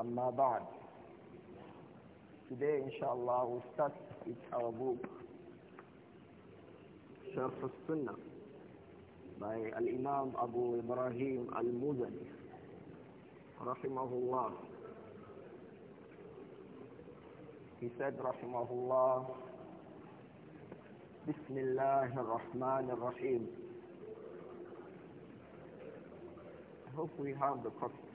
أما بعد Today inshallah we start with our book شرح السنة by imam Abu Ibrahim Al-Muzani رحمه الله He said رحمه الله بسم الله الرحمن الرحيم I hope we have the copy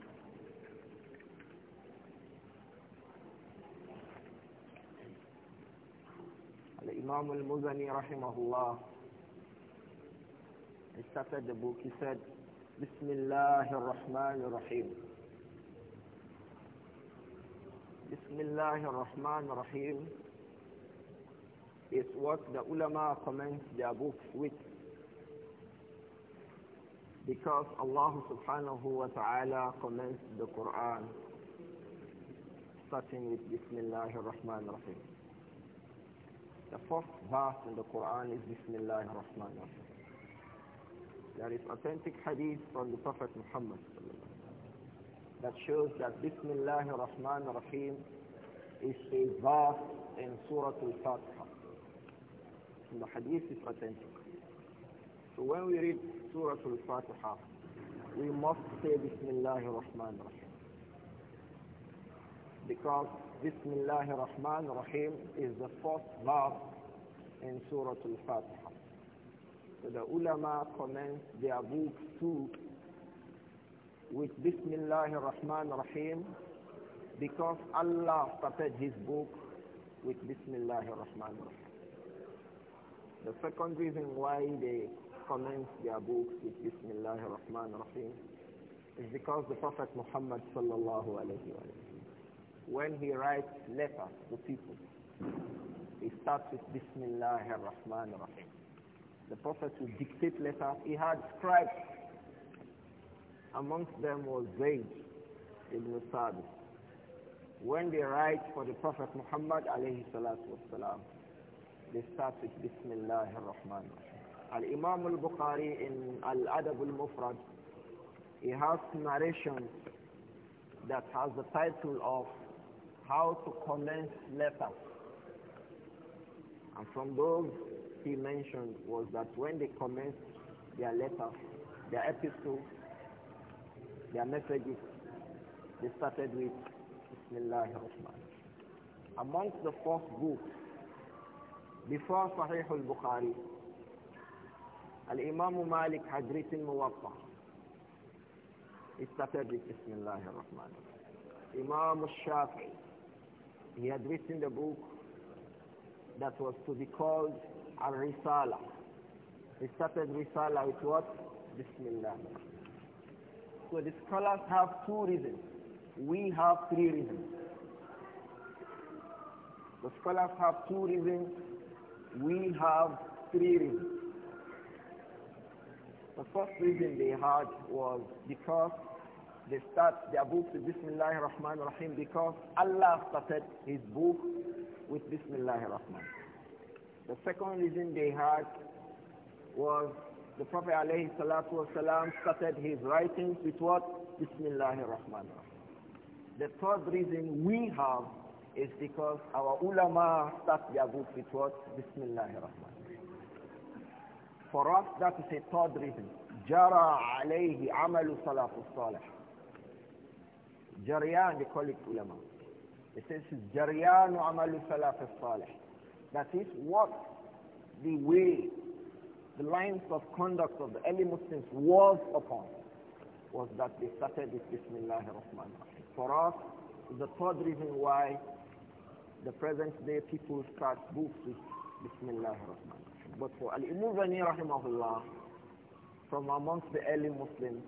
الإمام المزني رحمه الله started the book he said بسم الله الرحمن الرحيم بسم الله الرحمن الرحيم is what the ulama commence their books with because Allah subhanahu wa ta'ala commenced the Quran starting with ar-Rahman ar Rahim The first verse in the Quran is Bismillah ar-Rahman ar-Rahim. There is authentic hadith from the Prophet Muhammad that shows that Bismillah ar-Rahman ar-Rahim is a verse in Surah Al-Fatiha. the hadith is authentic. So when we read Surah Al-Fatiha, we must say Bismillah ar-Rahman ar-Rahim because Bismillah ar-Rahman rahim is the first verse in Surah Al-Fatiha. So the ulama commence their books too with Bismillah ar-Rahman rahim because Allah started his book with Bismillah ar-Rahman rahim The second reason why they commence their books with Bismillah ar-Rahman rahim is because the Prophet Muhammad sallallahu alayhi wa sallam when he writes letters to people, he starts with Bismillah ar-Rahman ar-Rahim. The Prophet would dictate letters. He had scribes. Amongst them was Zayd ibn Thabit. When they write for the Prophet Muhammad alayhi salatu wasalam, they start with Bismillah ar-Rahman ar-Rahim. Al-Imam al-Bukhari in Al-Adab al-Mufrad, he has narrations that has the title of how to commence letters. And from those he mentioned was that when they commenced their letters, their epistles, their messages, they started with Bismillah rahman Amongst the first books, before Sahih al-Bukhari, Al-Imam Malik had written Muwatta. It started with Bismillah rahman Imam al-Shafi'i he had written the book that was to be called Al-Risala. He started Risala with what? Bismillah. So the scholars have two reasons. We have three reasons. The scholars have two reasons. We have three reasons. The first reason they had was because they start their book with Bismillah ar-Rahman ar-Rahim because Allah started his book with Bismillah ar-Rahman. The second reason they had was the Prophet alayhi salatu wasalam started his writings with what? Bismillah ar-Rahman The third reason we have is because our ulama start their book with what? Bismillah ar-Rahman For us, that is a third reason. جرى عليه عمل صلاة الصالح Jariyan, they call it ulama. It says, Jariyan amalu salaf salih. That is what the way, the lines of conduct of the early Muslims was upon, was that they started with Bismillah ar-Rahman For us, the third reason why the present day people start books with Bismillah ar-Rahman But for Al-Imam Rani rahimahullah, from amongst the early Muslims,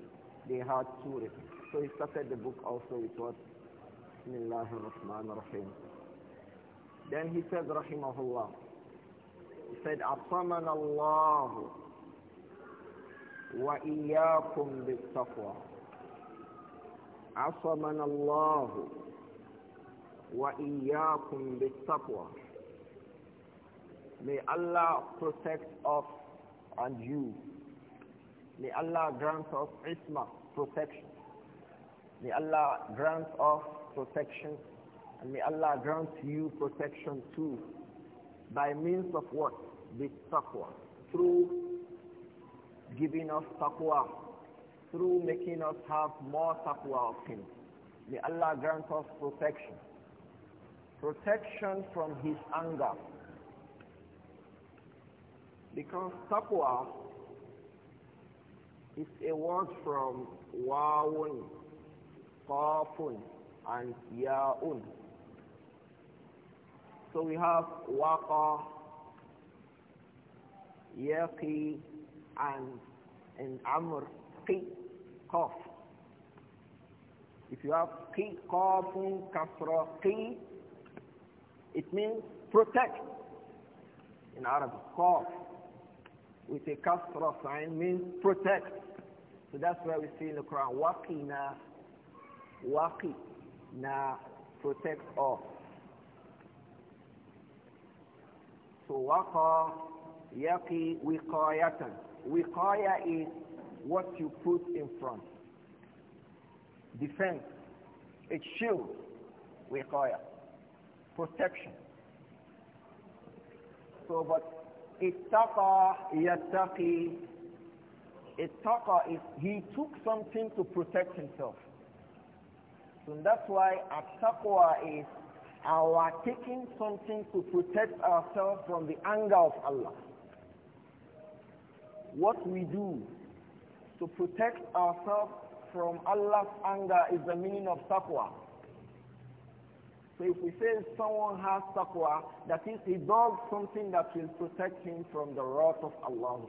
they had two reasons. So he started the book also with what? Bismillah rahman rahim Then he said, Rahimahullah. He said, bi اللَّهُ وَإِيَّاكُمْ Allah wa اللَّهُ bi بِالتَّقْوَى May Allah protect us and you. May Allah grant us isma, protection. May Allah grant us protection and may Allah grant you protection too by means of what? With taqwa. Through giving us taqwa. Through making us have more taqwa of Him. May Allah grant us protection. Protection from His anger. Because taqwa is a word from wawun qafun and yaun. So we have waqa, yaqi, and in amr, qi, qaf. If you have qi, qafun, kasra, qi, it means protect in Arabic. Qaf with a kasra sign means protect. So that's why we see in the Quran, waqina waqi na protect us so waqa yaqi wiqayatan wiqaya is what you put in front defense it's shield wiqaya protection so but ittaqa yattaqi ittaqa is he took something to protect himself so that's why at-taqwa is our taking something to protect ourselves from the anger of Allah. What we do to protect ourselves from Allah's anger is the meaning of taqwa. So if we say someone has taqwa, that is he does something that will protect him from the wrath of Allah.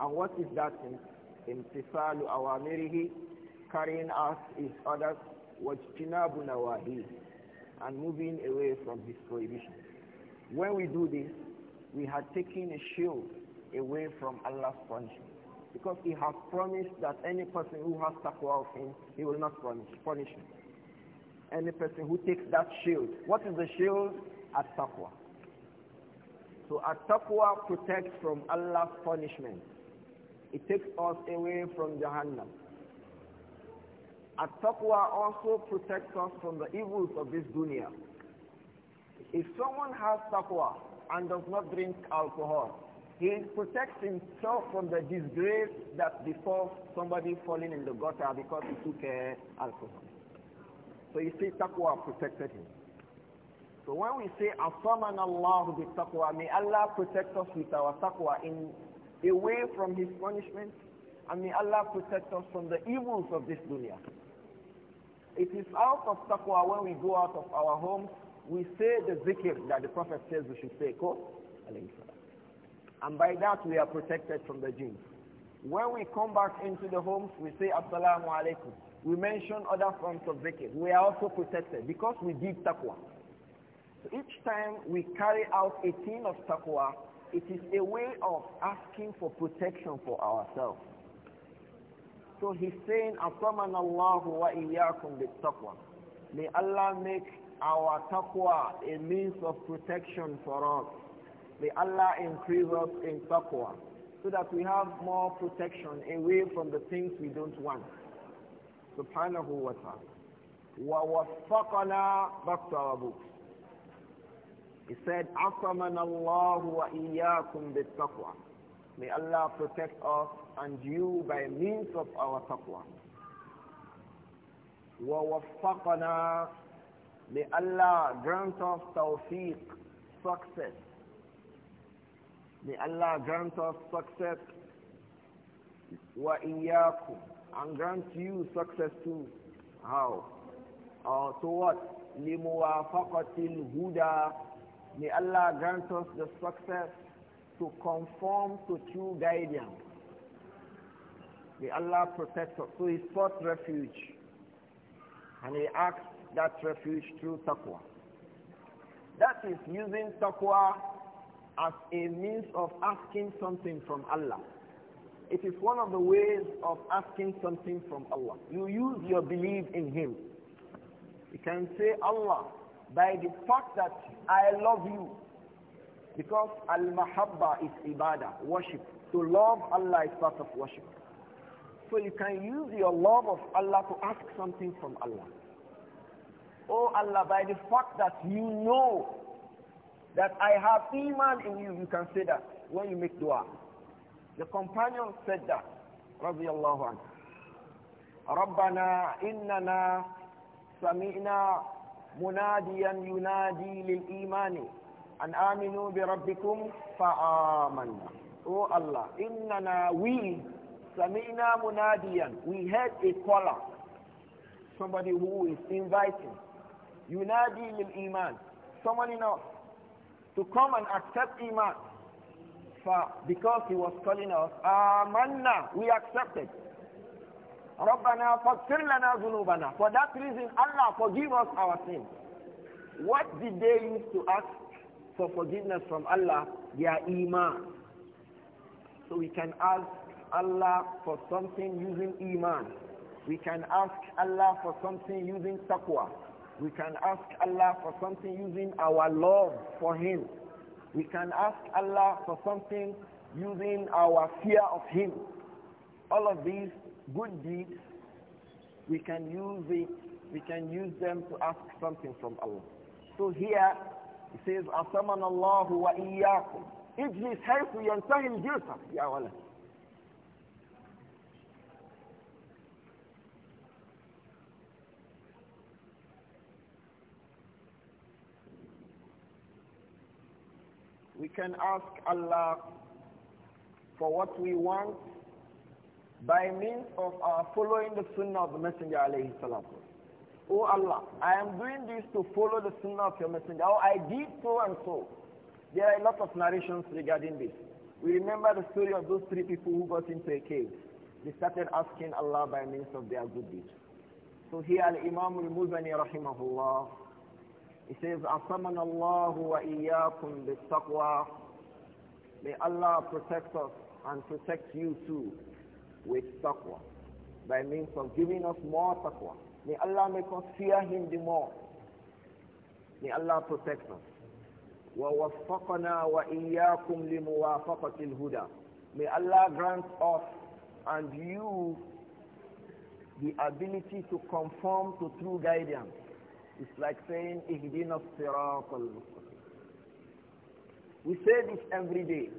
And what is that? Imtisalu awamirihi carrying out his orders wajtinabu nawahi and moving away from his prohibition. When we do this, we are taking a shield away from Allah's punishment. Because he has promised that any person who has taqwa of him, he will not punish, punish him. Any person who takes that shield. What is the shield? At taqwa. So at taqwa protects from Allah's punishment. It takes us away from Jahannam. At-taqwa also protects us from the evils of this dunya. If someone has taqwa and does not drink alcohol, he protects himself from the disgrace that befalls somebody falling in the gutter because he took uh, alcohol. So you see, taqwa protected him. So when we say, Asaman Allah bi taqwa, may Allah protect us with our taqwa in, away from his punishment, and may Allah protect us from the evils of this dunya. It is out of taqwa when we go out of our homes, we say the zikr that the Prophet says we should say, and by that we are protected from the jinn. When we come back into the homes, we say assalamu alaikum. We mention other forms of zikr. We are also protected because we did taqwa. So each time we carry out a team of taqwa, it is a way of asking for protection for ourselves. So he's saying, أَصَمَنَ اللَّهُ وَإِيَّاكُمْ بِالتَّقْوَى May Allah make our taqwa a means of protection for us. May Allah increase us in taqwa so that we have more protection away from the things we don't want. Subhanahu wa ta'ala. Wa وَوَفَّقَنَا بَكْتَوَبُكْ He said, أَصَمَنَ اللَّهُ وَإِيَّاكُمْ بِالتَّقْوَى May Allah protect us and you by means of our taqwa. وَوَفَّقَنَا May Allah grant us tawfiq, success. May Allah grant us success. وَإِيَّاكُمْ And grant you success too. How? Uh, to what? لِمُوَافَقَةِ الْهُدَى May Allah grant us the success to conform to true guidance. May Allah protects us. So he sought refuge. And he asked that refuge through taqwa. That is using taqwa as a means of asking something from Allah. It is one of the ways of asking something from Allah. You use your belief in Him. You can say, Allah, by the fact that I love you, because al-mahabba is ibadah, worship. To love Allah is part of worship. So you can use your love of Allah to ask something from Allah. Oh Allah, by the fact that you know that I have iman in you, you can say that when you make dua. The companion said that, radiallahu anhu. ربنا إننا سمعنا مناديا ينادي للإيمان أن آمنوا بربكم فآمنا. Oh Allah, إننا we Samina Munadiyan. We heard a caller. Somebody who is inviting. Yunadi lil Iman. Someone in us. To come and accept Iman. For, because he was calling us, Amanna. We accepted. Rabbana faghfir lana dhunubana. For that reason, Allah forgive us our sins. What did they used to ask for forgiveness from Allah? Their iman. So we can ask Allah for something using Iman. We can ask Allah for something using Taqwa. We can ask Allah for something using our love for Him. We can ask Allah for something using our fear of Him. All of these good deeds, we can use it, we can use them to ask something from Allah. So here, it says, أَصَمَنَ اللَّهُ وَإِيَّاكُمْ اجلس حيث ينتهي الجلسة يا ولد We can ask Allah for what we want by means of our following the sunnah of the Messenger alayhi salatu. Oh Allah, I am doing this to follow the sunnah of your Messenger. Oh, I did so and so. There are a lot of narrations regarding this. We remember the story of those three people who got into a cave. They started asking Allah by means of their good deeds. So here Al-Imam Al-Muzani rahimahullah he says, "Asamana alaykum wa iyyakum bittaqwa." May Allah protect us and protect you too with taqwa by means of giving us more taqwa. May Allah make us fear Him the more. May Allah protect us. ووفقنا وإياكم لموافقة الهدى. May Allah grant us and you the ability to conform to true guidance. It's like saying, Ihdina sirat al We say this every day.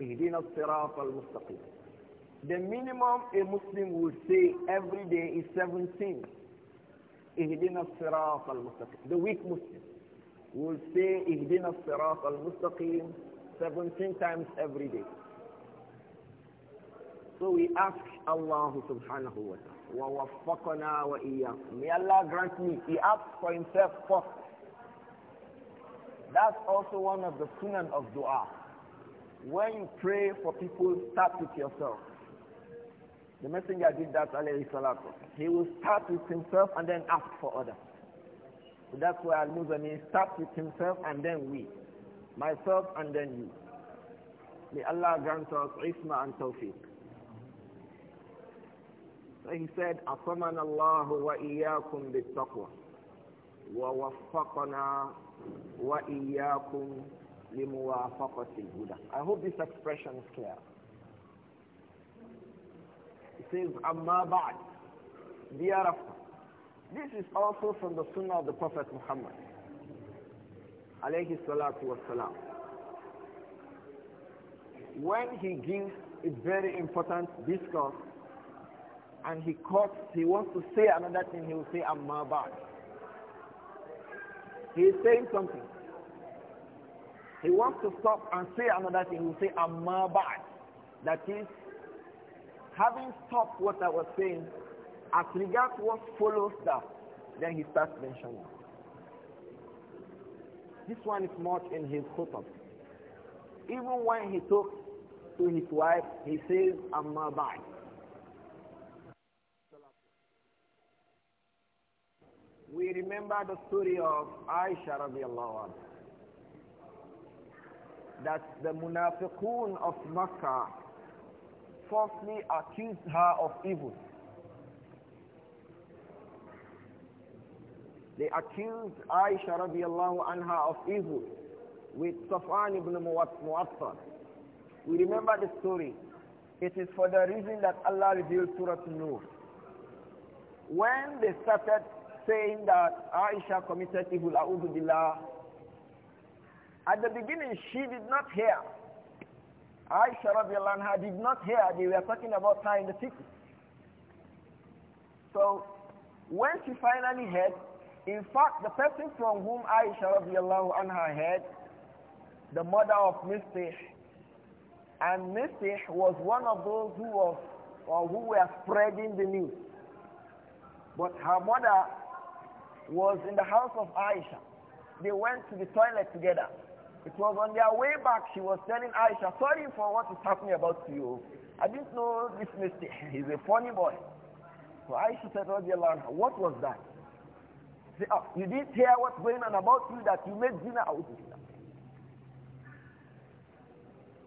Ihdina sirat al The minimum a Muslim would say every day is 17. Ihdina sirat al The weak Muslim will say Ihdina sirat al 17 times every day. So we ask Allah subhanahu wa ta'ala ووفقنا وإياكم May Allah grant me. He asked for himself first. That's also one of the sunan of dua. When you pray for people, start with yourself. The messenger did that, alayhi salatu. He will start with himself and then ask for others. So that's why Al-Muzani starts with himself and then we. Myself and then you. May Allah grant us isma and tawfiq. So he said, أَصَمَنَ اللَّهُ وَإِيَّاكُمْ بِالتَّقْوَى وَوَفَّقَنَا وَإِيَّاكُمْ لِمُوَافَقَةِ الْهُدَى I hope this expression is clear. It says, أَمَّا بَعْدْ Thereafter. This is also from the Sunnah of the Prophet Muhammad. Alayhi salatu wasalam. When he gives a very important discourse and he cuts, he wants to say another thing, he will say I'm bad." He is saying something. He wants to stop and say another thing, he will say I'm bad." is, having stopped what I was saying, as regards what follows that, then he starts mentioning. This one is much in his khutbah. Even when he talks to his wife, he says, I'm bad." we remember the story of Aisha radiallahu anha that the munafiqun of Makkah falsely accused her of evil. They accused Aisha radiallahu anha of evil with Safan ibn Mu'attal. We remember the story. It is for the reason that Allah revealed Surah An-Nur. When they started saying that Aisha committed evil, A'udhu Billah, at the beginning she did not hear. Aisha radiallahu anha did not hear. They were talking about her in the city. So when she finally heard, in fact, the person from whom Aisha radiallahu anha heard, the mother of Mistih, and Mistih was one of those who was or who were spreading the news. But her mother was in the house of Aisha. They went to the toilet together. It was on their way back, she was telling Aisha, sorry for what is happening about you. I didn't know this mistake. He's a funny boy. So Aisha said, anha, what was that? Say, oh, ah, you didn't hear what's going on about you that you made dinner out of dinner.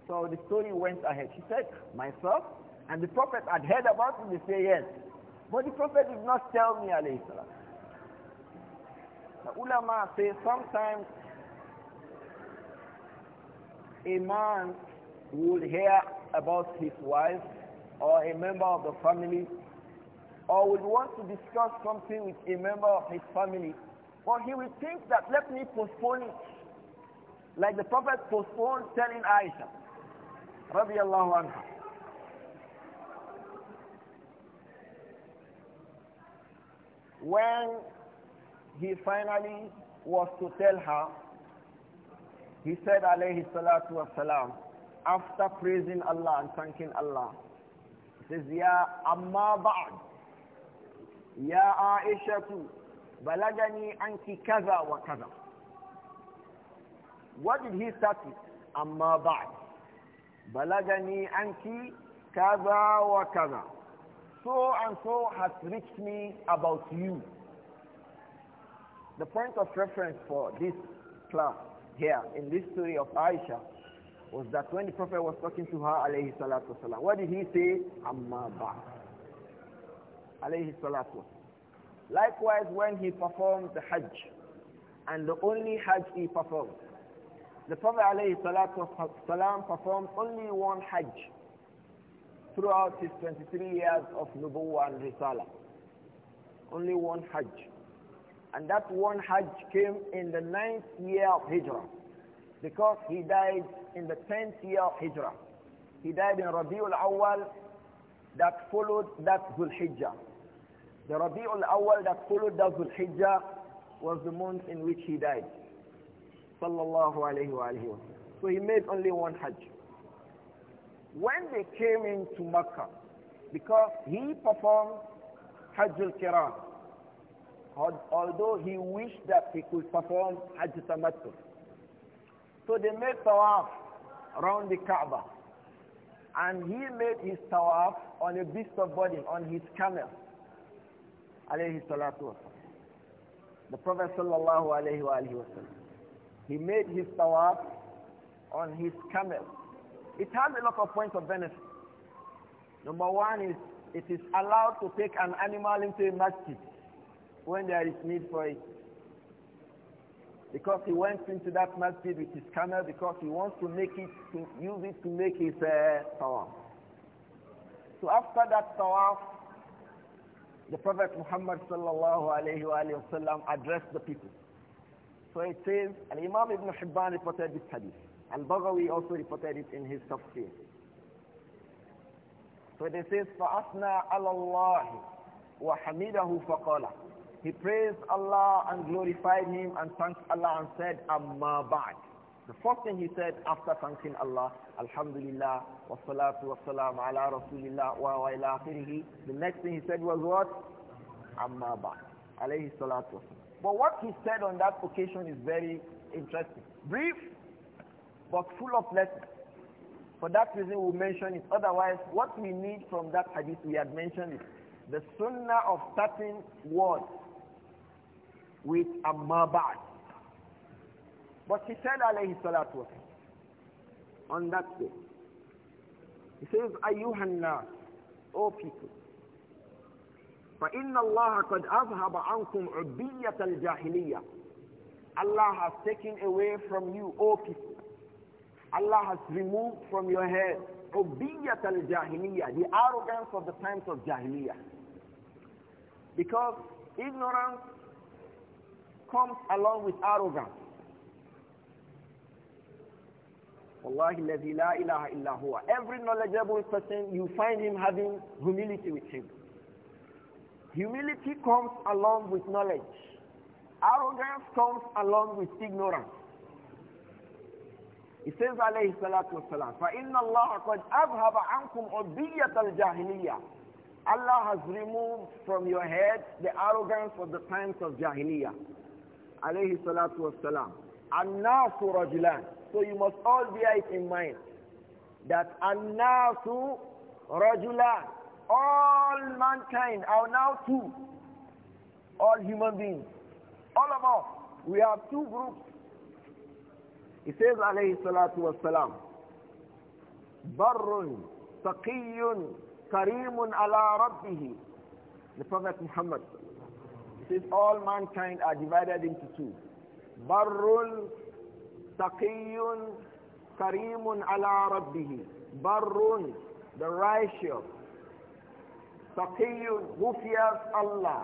So the story went ahead. She said, myself and the prophet had heard about it. They say, yes. But the prophet did not tell me, alayhi salam. The ulama say sometimes a man would hear about his wife or a member of the family or would want to discuss something with a member of his family, but he will think that let me postpone it. Like the Prophet postponed telling Aisha, radiallahu anha. When he finally was to tell her, he said alayhi salatu wasalam, after praising Allah and thanking Allah, he says, Ya Amma Ba'd, Ya Aishatu, Balagani Anki Kaza wa Kaza. What did he start with? Amma Ba'd, Balagani Anki Kaza wa Kaza. So and so has reached me about you. The point of reference for this class here in this story of Aisha was that when the Prophet was talking to her, alayhi salatu wasalam, what did he say? Amma ba. Alayhi salatu Likewise, when he performed the Hajj, and the only Hajj he performed, the Prophet alayhi salatu wasalam performed only one Hajj throughout his 23 years of Nubuwa and Risala. Only one Hajj. And that one Hajj came in the ninth year of Hijrah because he died in the tenth year of Hijrah. He died in Rabiul Awal that followed that Dhul Hijjah. The Rabiul Awal that followed that Dhul Hijjah was the month in which he died. Sallallahu alayhi wa alayhi So he made only one Hajj. When they came into Mecca, because he performed Hajjul Kirah although he wished that he could perform Hajj Tamattu. So they made tawaf around the Kaaba. And he made his tawaf on a beast of burden, on his camel. Alayhi salatu The Prophet sallallahu alayhi wa He made his tawaf on his camel. It has a lot of points of benefit. Number one is it is allowed to take an animal into a masjid when there is need for it. Because he went into that masjid with his camel because he wants to make it, to use it to make his uh, tawaf. So after that tawaf, the Prophet Muhammad sallallahu alayhi wa addressed the people. So it says, and Imam Ibn Hibban reported this hadith. Al-Baghawi also reported it in his tafsir. So it says, فَأَثْنَا عَلَى اللَّهِ وَحَمِدَهُ فَقَالَ he praised Allah and glorified him and thanked Allah and said, Amma ba'd. The first thing he said after thanking Allah, Alhamdulillah, wa salatu wa salam ala rasulillah wa wa ila akhirihi. The next thing he said was what? Amma ba'd. Alayhi salatu But what he said on that occasion is very interesting. Brief, but full of lessons. For that reason we mention it. Otherwise, what we need from that hadith, we had mentioned it. The sunnah of starting words with Amma Ba'd. But he said, alayhi salatu on that day, he says, Ayyuhan nas, O people, Allah اللَّهَ قَدْ أَذْهَبَ عَنْكُمْ al الْجَاهِلِيَّةِ Allah has taken away from you, O people. Allah has removed from your head al الْجَاهِلِيَّةِ The arrogance of the times of Jahiliyyah. Because ignorance comes along with arrogance. Wallahi la ilaha illa huwa. Every knowledgeable person, you find him having humility with him. Humility comes along with knowledge. Arrogance comes along with ignorance. He says alayhi salatu wasalam, فَإِنَّ اللَّهَ قَدْ أَذْهَبَ عَنْكُمْ عُبِّيَّةَ الْجَاهِلِيَّةِ Allah has removed from your head the arrogance of the times of Jahiliyyah alayhi salatu wassalam. An-nasu rajulan. So you must all bear it in mind that an-nasu rajulan. All mankind are now two. All human beings. All of us. We have two groups. He says alayhi salatu wassalam. Barrun, taqiyun, karimun ala rabbihi. The Prophet Muhammad it says all mankind are divided into two. Barrul, taqiyun, karimun ala rabbihi. Barrun, the righteous. Taqiyun, who fears Allah.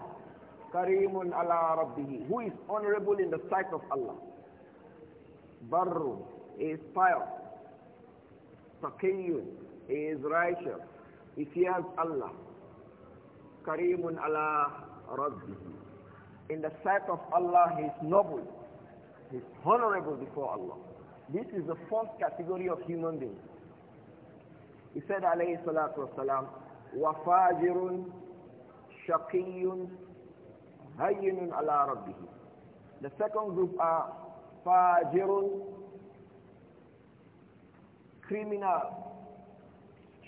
Karimun ala rabbihi. Who is honorable in the sight of Allah. Barrun is pious. Taqiyun is righteous. He fears Allah. Karimun ala rabbihi in the sight of Allah he is noble, he is honorable before Allah. This is the first category of human beings. He said alayhi salatu wasalam, وَفَاجِرٌ شَقِيٌّ هَيِّنٌ عَلَىٰ رَبِّهِ The second group are فَاجِرٌ criminal,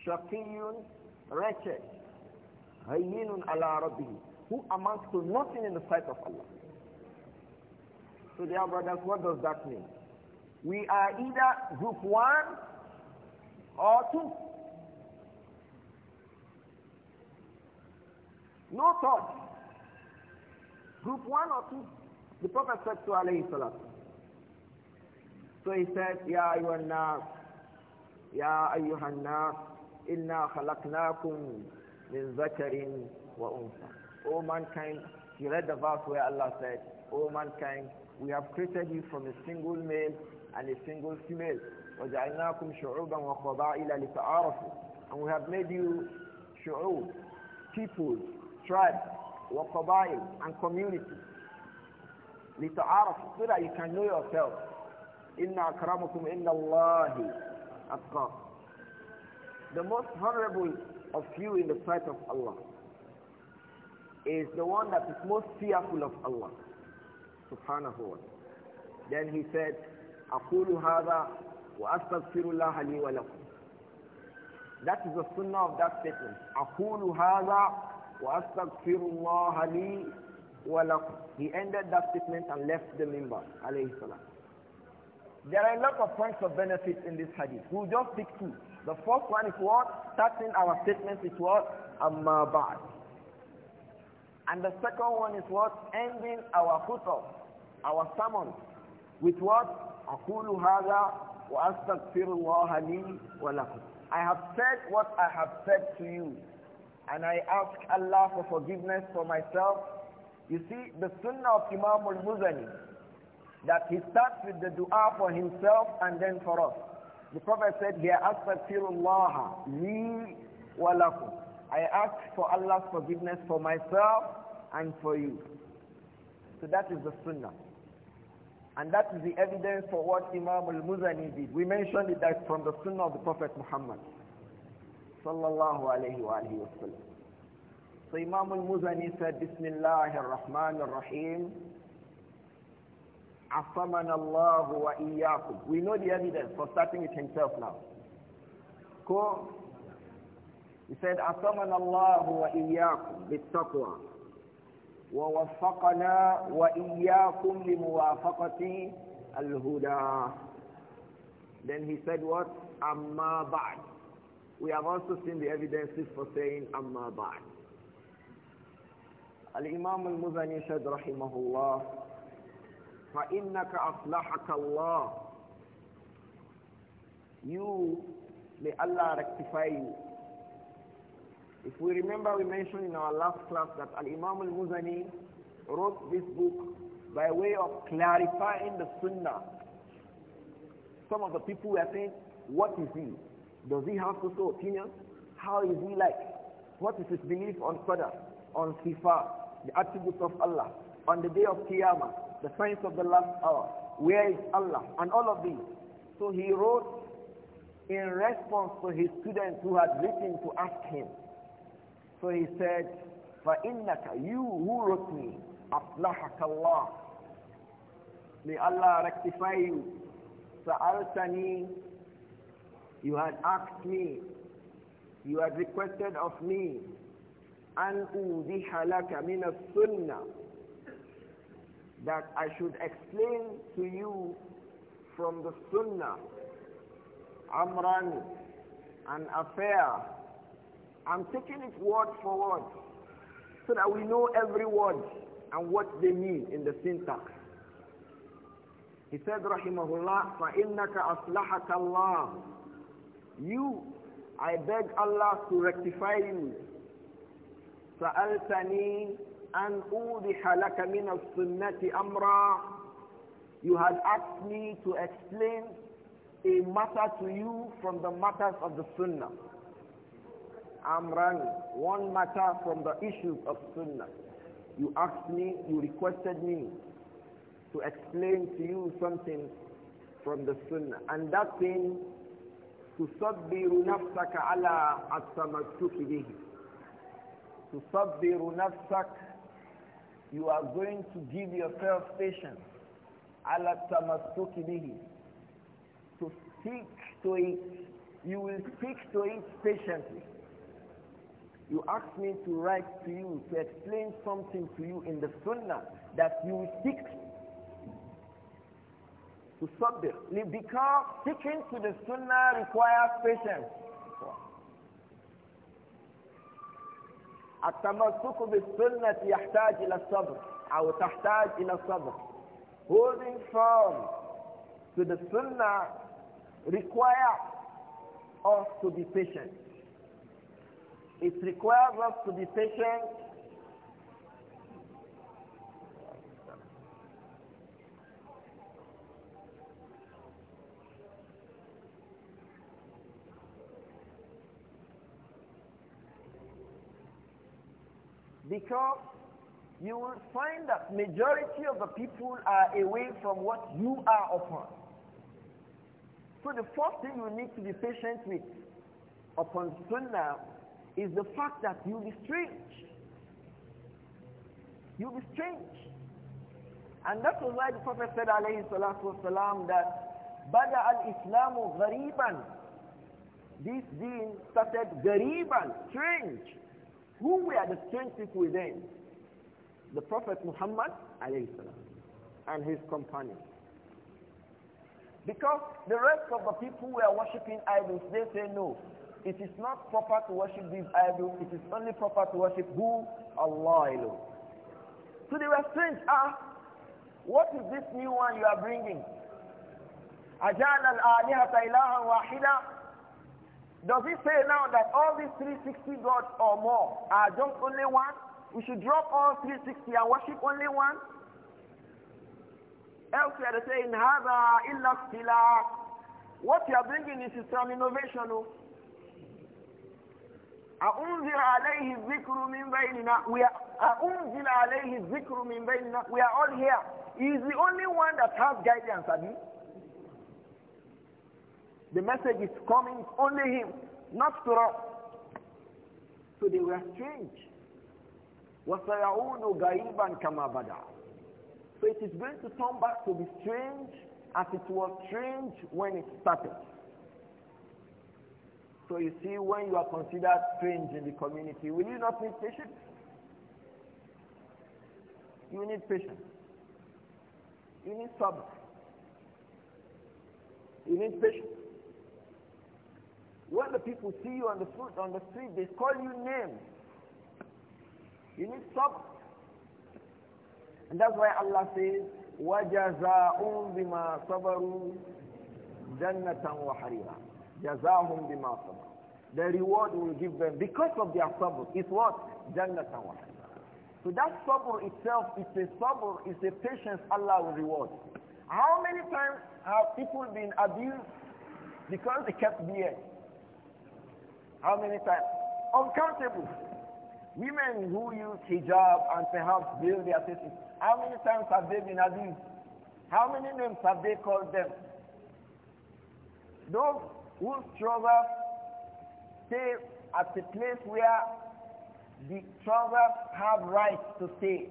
شَقِيٌّ wretched, هَيِّنٌ عَلَىٰ رَبِّهِ who amounts to nothing in the sight of Allah. So dear brothers, what does that mean? We are either group one or two. No thought. Group one or two. The Prophet said to alayhi salam. So he said, Ya ayyuhan Ya ayuhanna, nas, inna kum min zakarin wa unsa. O mankind, he read the verse where Allah said, O mankind, we have created you from a single male and a single female. وَجَعَلْنَاكُمْ شُعُوبًا وَقَبَائِلَ And we have made you shu'ub, people, tribes, وَقَبَائِل, and community. لِتَعَارَفُوا So that you can know yourself. إِنَّ أَكْرَمَكُمْ إِنَّ اللَّهِ أَتْقَاكُمْ The most honorable of you in the sight of Allah is the one that is most fearful of Allah subhanahu wa ta'ala. Then he said, أَقُولُ هَذَا wa اللَّهَ لِي وَلَكُمْ That is the sunnah of that statement. أَقُولُ هَذَا wa اللَّهَ لِي وَلَكُمْ He ended that statement and left the member, alayhi salam. There are a lot of points of benefit in this hadith. We'll just pick two. The first one is what? Starting our statement is what? أَمَّا بَعْدِ and the second one is what? Ending our khutbah, our sermon, with what? أقول هذا وأستغفر الله لي ولكم. I have said what I have said to you. And I ask Allah for forgiveness for myself. You see, the sunnah of Imam al-Muzani, that he starts with the dua for himself and then for us. The Prophet said here, أستغفر الله لي ولكم. I ask for Allah's forgiveness for myself and for you. So that is the sunnah. And that is the evidence for what Imam al-Muzani did. We mentioned it that from the sunnah of the Prophet Muhammad. Sallallahu alayhi wa alayhi wa sallam. So Imam al-Muzani said, Bismillah ar-Rahman ar-Rahim. Asamana Allah wa iyyakum. We know the evidence for starting with himself now. Go He said, أَصَمَنَ اللَّهُ وَإِيَّاكُمْ بِالتَّقْوَى وَوَفَّقَنَا وَإِيَّاكُمْ لِمُوَافَقَةِ الْهُدَى Then he said what? أَمَّا بَعْدِ We have also seen the evidences for saying أَمَّا بَعْدِ الإمام المزني said رحمه الله فإنك أصلحك الله You, may Allah rectify you. If we remember, we mentioned in our last class that Al-Imam Al-Muzani wrote this book by way of clarifying the Sunnah. Some of the people were saying, what is he? Does he have social opinion? How is he like? What is his belief on Qadr, on Sifa, the attributes of Allah, on the day of Qiyamah, the signs of the last hour, where is Allah, and all of these. So he wrote in response to his students who had written to ask him. So he said, فَإِنَّكَ You who wrote me, أَفْلَحَكَ اللَّهُ May Allah rectify you. سَأَلْتَنِي You had asked me, you had requested of me, أَنْ أُوْضِحَ لَكَ مِنَ السُّنَّةِ That I should explain to you from the sunnah, amran, an affair, I'm taking it word for word so that we know every word and what they mean in the syntax. He said, Rahimahullah, فَإِنَّكَ أَصْلَحَكَ اللَّهُ You, I beg Allah to rectify you. سألتني أن أوضح لك من السنة أمرا You had asked me to explain a matter to you from the matters of the sunnah amran, one matter from the issues of sunnah. You asked me, you requested me to explain to you something from the sunnah. And that thing, تصبر نفسك على التمسك به. تصبر نفسك you are going to give yourself patience على التمسك به to speak to it you will speak to it patiently you ask me to write to you, to explain something to you in the Sunnah that you seek to sabir. Because seeking to the Sunnah requires patience. التمسك بالسنة يحتاج إلى الصبر أو تحتاج إلى الصبر. Holding firm to the Sunnah requires us to be patient. It requires us to be patient. Because you will find that majority of the people are away from what you are upon. So the first thing you need to be patient with upon sunnah is the fact that you'll be strange. You'll be strange. And that was why the Prophet said alayhi salatu wasalam that Bada al-Islamu ghariban. This deen started ghariban, strange. Who were the strange people then? The Prophet Muhammad alayhi salam and his companions. Because the rest of the people were worshipping idols, they say no it is not proper to worship these idols. It is only proper to worship who? Allah alone. So they were strange. Ah, what is this new one you are bringing? Ajal al-alihata wa wahida. Does it say now that all these 360 gods or more are just only one? We should drop all 360 and worship only one? Elsewhere they say, in هذا إلا What you are bringing is from innovation. Oh. أأنزل عليه الذكر من بيننا we are أأنزل عليه الذكر من بيننا we are all here he is the only one that has guidance Abi the message is coming only him not to us so they were strange وسيعود غريبا كما بدا so it is going to come back to be strange as it was strange when it started so you see, when you are considered strange in the community, will you not need patience? You need patience. You need sabr. You need patience. When the people see you on the street, on the street, they call you names. You need sabr. And that's why Allah says, وَجَزَاءٌ بِمَا صَبَرُوا جَنَّةً وَحَرِيرًا Jazahum bima sabr. The reward will give them because of their sabr is what? Jannat wa So that sabr itself is a sabr, is a patience Allah will reward. How many times have people been abused because they kept beard? How many times? Uncountable. Women who use hijab and perhaps veil their faces, how many times have they been abused? How many names have they called them? Those whose trousers stay at the place where the trousers have right to stay.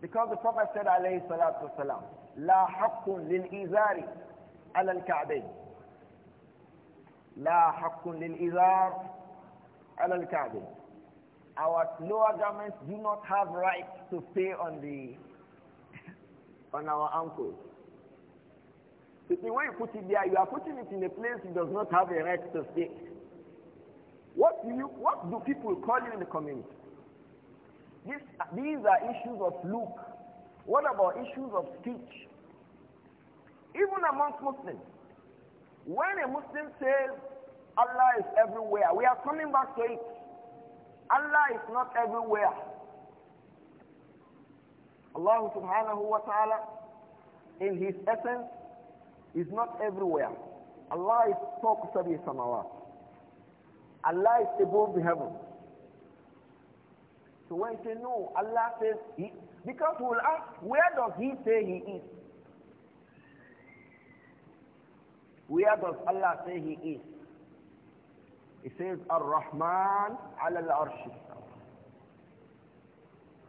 Because the Prophet said alayhi salatu wasalam, La haqqun lil izari ala al ka'bayn. La haqqun lil izar ala al ka'bayn. Our lower garments do not have right to stay on the on our ankles. You see, when you put it there, you are putting it in a place it does not have a right to stay. What do you, what do people call you in the community? This, these are issues of look. What about issues of speech? Even amongst Muslims, when a Muslim says, Allah is everywhere, we are coming back to it. Allah is not everywhere. Allah subhanahu wa ta'ala, in his essence, is not everywhere. Allah is of سبع سماوات. Allah is above the heaven. So when you say no, Allah says he, because we will ask, where does he say he is? Where does Allah say he is? He says, Ar-Rahman al-Arshi.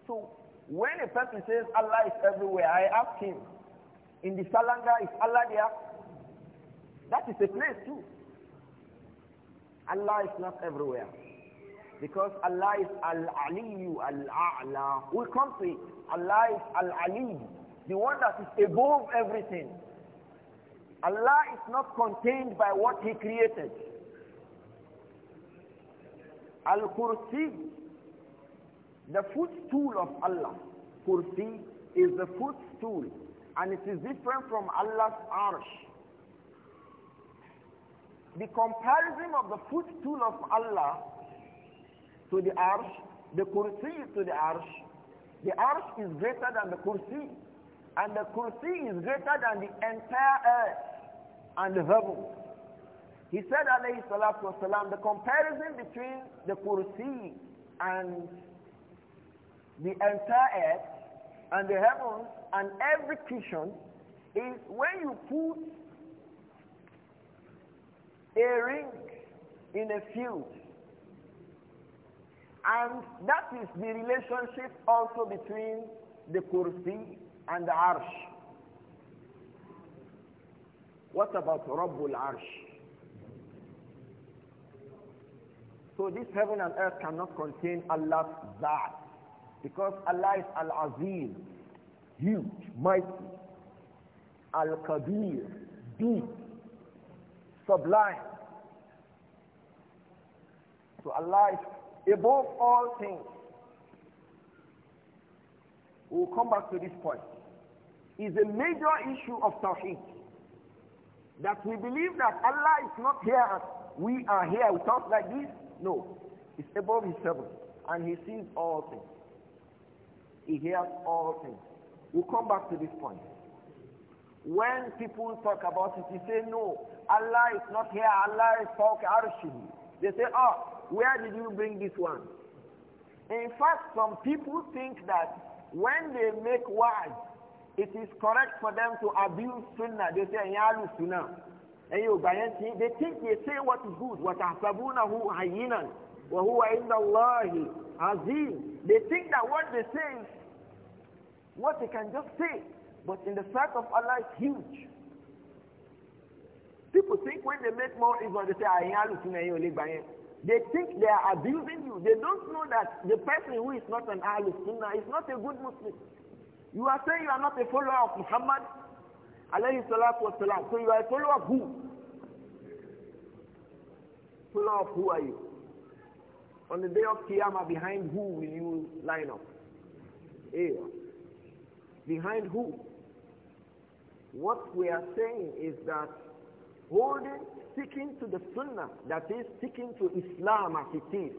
So when a person says Allah is everywhere, I ask him, in the Salanga, is Allah there? That is a place too. Allah is not everywhere. Because Allah is Al-Aliyu, Al-A'la. We'll come to it. Allah is Al-Ali, the one that is above everything. Allah is not contained by what He created. Al-Kursi, the footstool of Allah. Kursi is the footstool and it is different from Allah's arsh. The comparison of the footstool of Allah to the arsh, the kursi to the arsh, the arsh is greater than the kursi, and the kursi is greater than the entire earth and the heaven. He said, alayhi salatu wasalam, the comparison between the kursi and the entire earth and the heavens and every cushion is when you put a ring in a field. And that is the relationship also between the kursi and the arsh. What about Rabbul Arsh? So this heaven and earth cannot contain Allah's that. Because Allah is Al-Aziz, huge, mighty. Al-Kabir, deep, sublime. So Allah is above all things. We'll come back to this point. It's a major issue of Tawheed. That we believe that Allah is not here as we are here. We talk like this. No. He's above his heaven and he sees all things. He hears all things. We'll come back to this point. When people talk about it, they say, no, Allah is not here, Allah is Fawq Arshihi. They say, oh, where did you bring this one? In fact, some people think that when they make wise, it is correct for them to abuse sunnah. They say, Yalu sunnah. They think they say what is good, what ahsabunahu hayyinan. وَهُوَ عِنْدَ اللَّهِ عَظِيمٌ They think that what they say what they can just say, but in the sight of Allah is huge. People think when they make more evil, they say, ah, They think they are abusing you. They don't know that the person who is not an Ahlul Sunnah is not a good Muslim. You are saying you are not a follower of Muhammad, alayhi salatu wasalam. So you are a follower of who? Follower of who are you? On the day of Qiyamah, behind who will you line up? Ew. Behind who? What we are saying is that holding, sticking to the Sunnah, that is sticking to Islam as it is,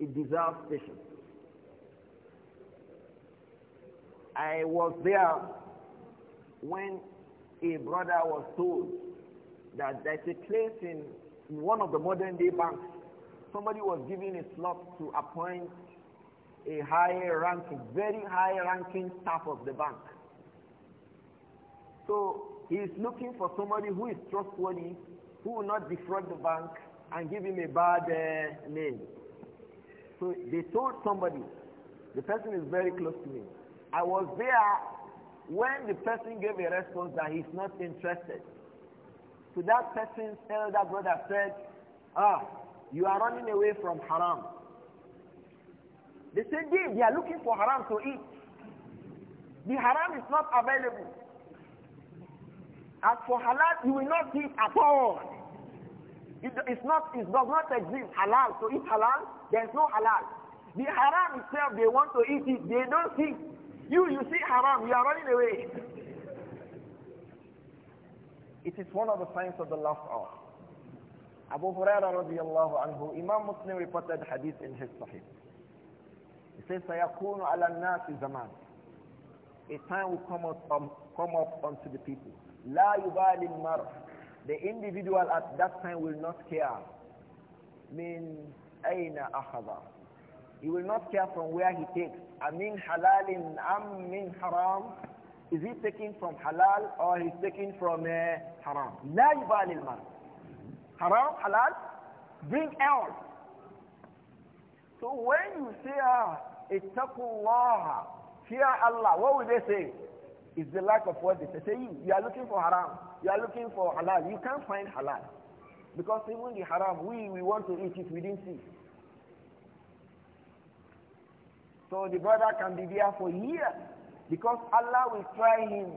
it deserves patience. I was there when a brother was told that there's a place in one of the modern day banks somebody was given a slot to appoint a high ranking, very high ranking staff of the bank. So he is looking for somebody who is trustworthy, who will not defraud the bank and give him a bad uh, name. So they told somebody, the person is very close to me. I was there when the person gave a response that he's not interested. So that person's elder brother said, ah, you are running away from haram. They say they, they are looking for haram to eat. The haram is not available. As for halal, you will not eat at all. It, it's not, it does not exist halal. To so eat halal, there is no halal. The haram itself, they want to eat it. They don't see. You, you see haram, you are running away. It is one of the signs of the last hour. Abu Hurairah radiallahu anhu, Imam Muslim reported hadith in his Sahih. He says, سَيَكُونُ عَلَى النَّاسِ zaman." A time will come up, um, come up unto the people. لَا يُبَالِ الْمَرْءِ The individual at that time will not care. مِنْ أَيْنَ أَخَذَ He will not care from where he takes. أَمِنْ حَلَالٍ أَمْ min haram. Is he taking from halal or he's taking from uh, haram? لَا يُبَالِ الْمَرْءِ haram, halal, bring else. So when you say, ah, ittaqullah, fear Allah, what will they say? It's the lack of what they say. Say you, you are looking for haram, you are looking for halal, you can't find halal. Because even the haram, we, we want to eat it, we didn't see. So the brother can be there for years because Allah will try him.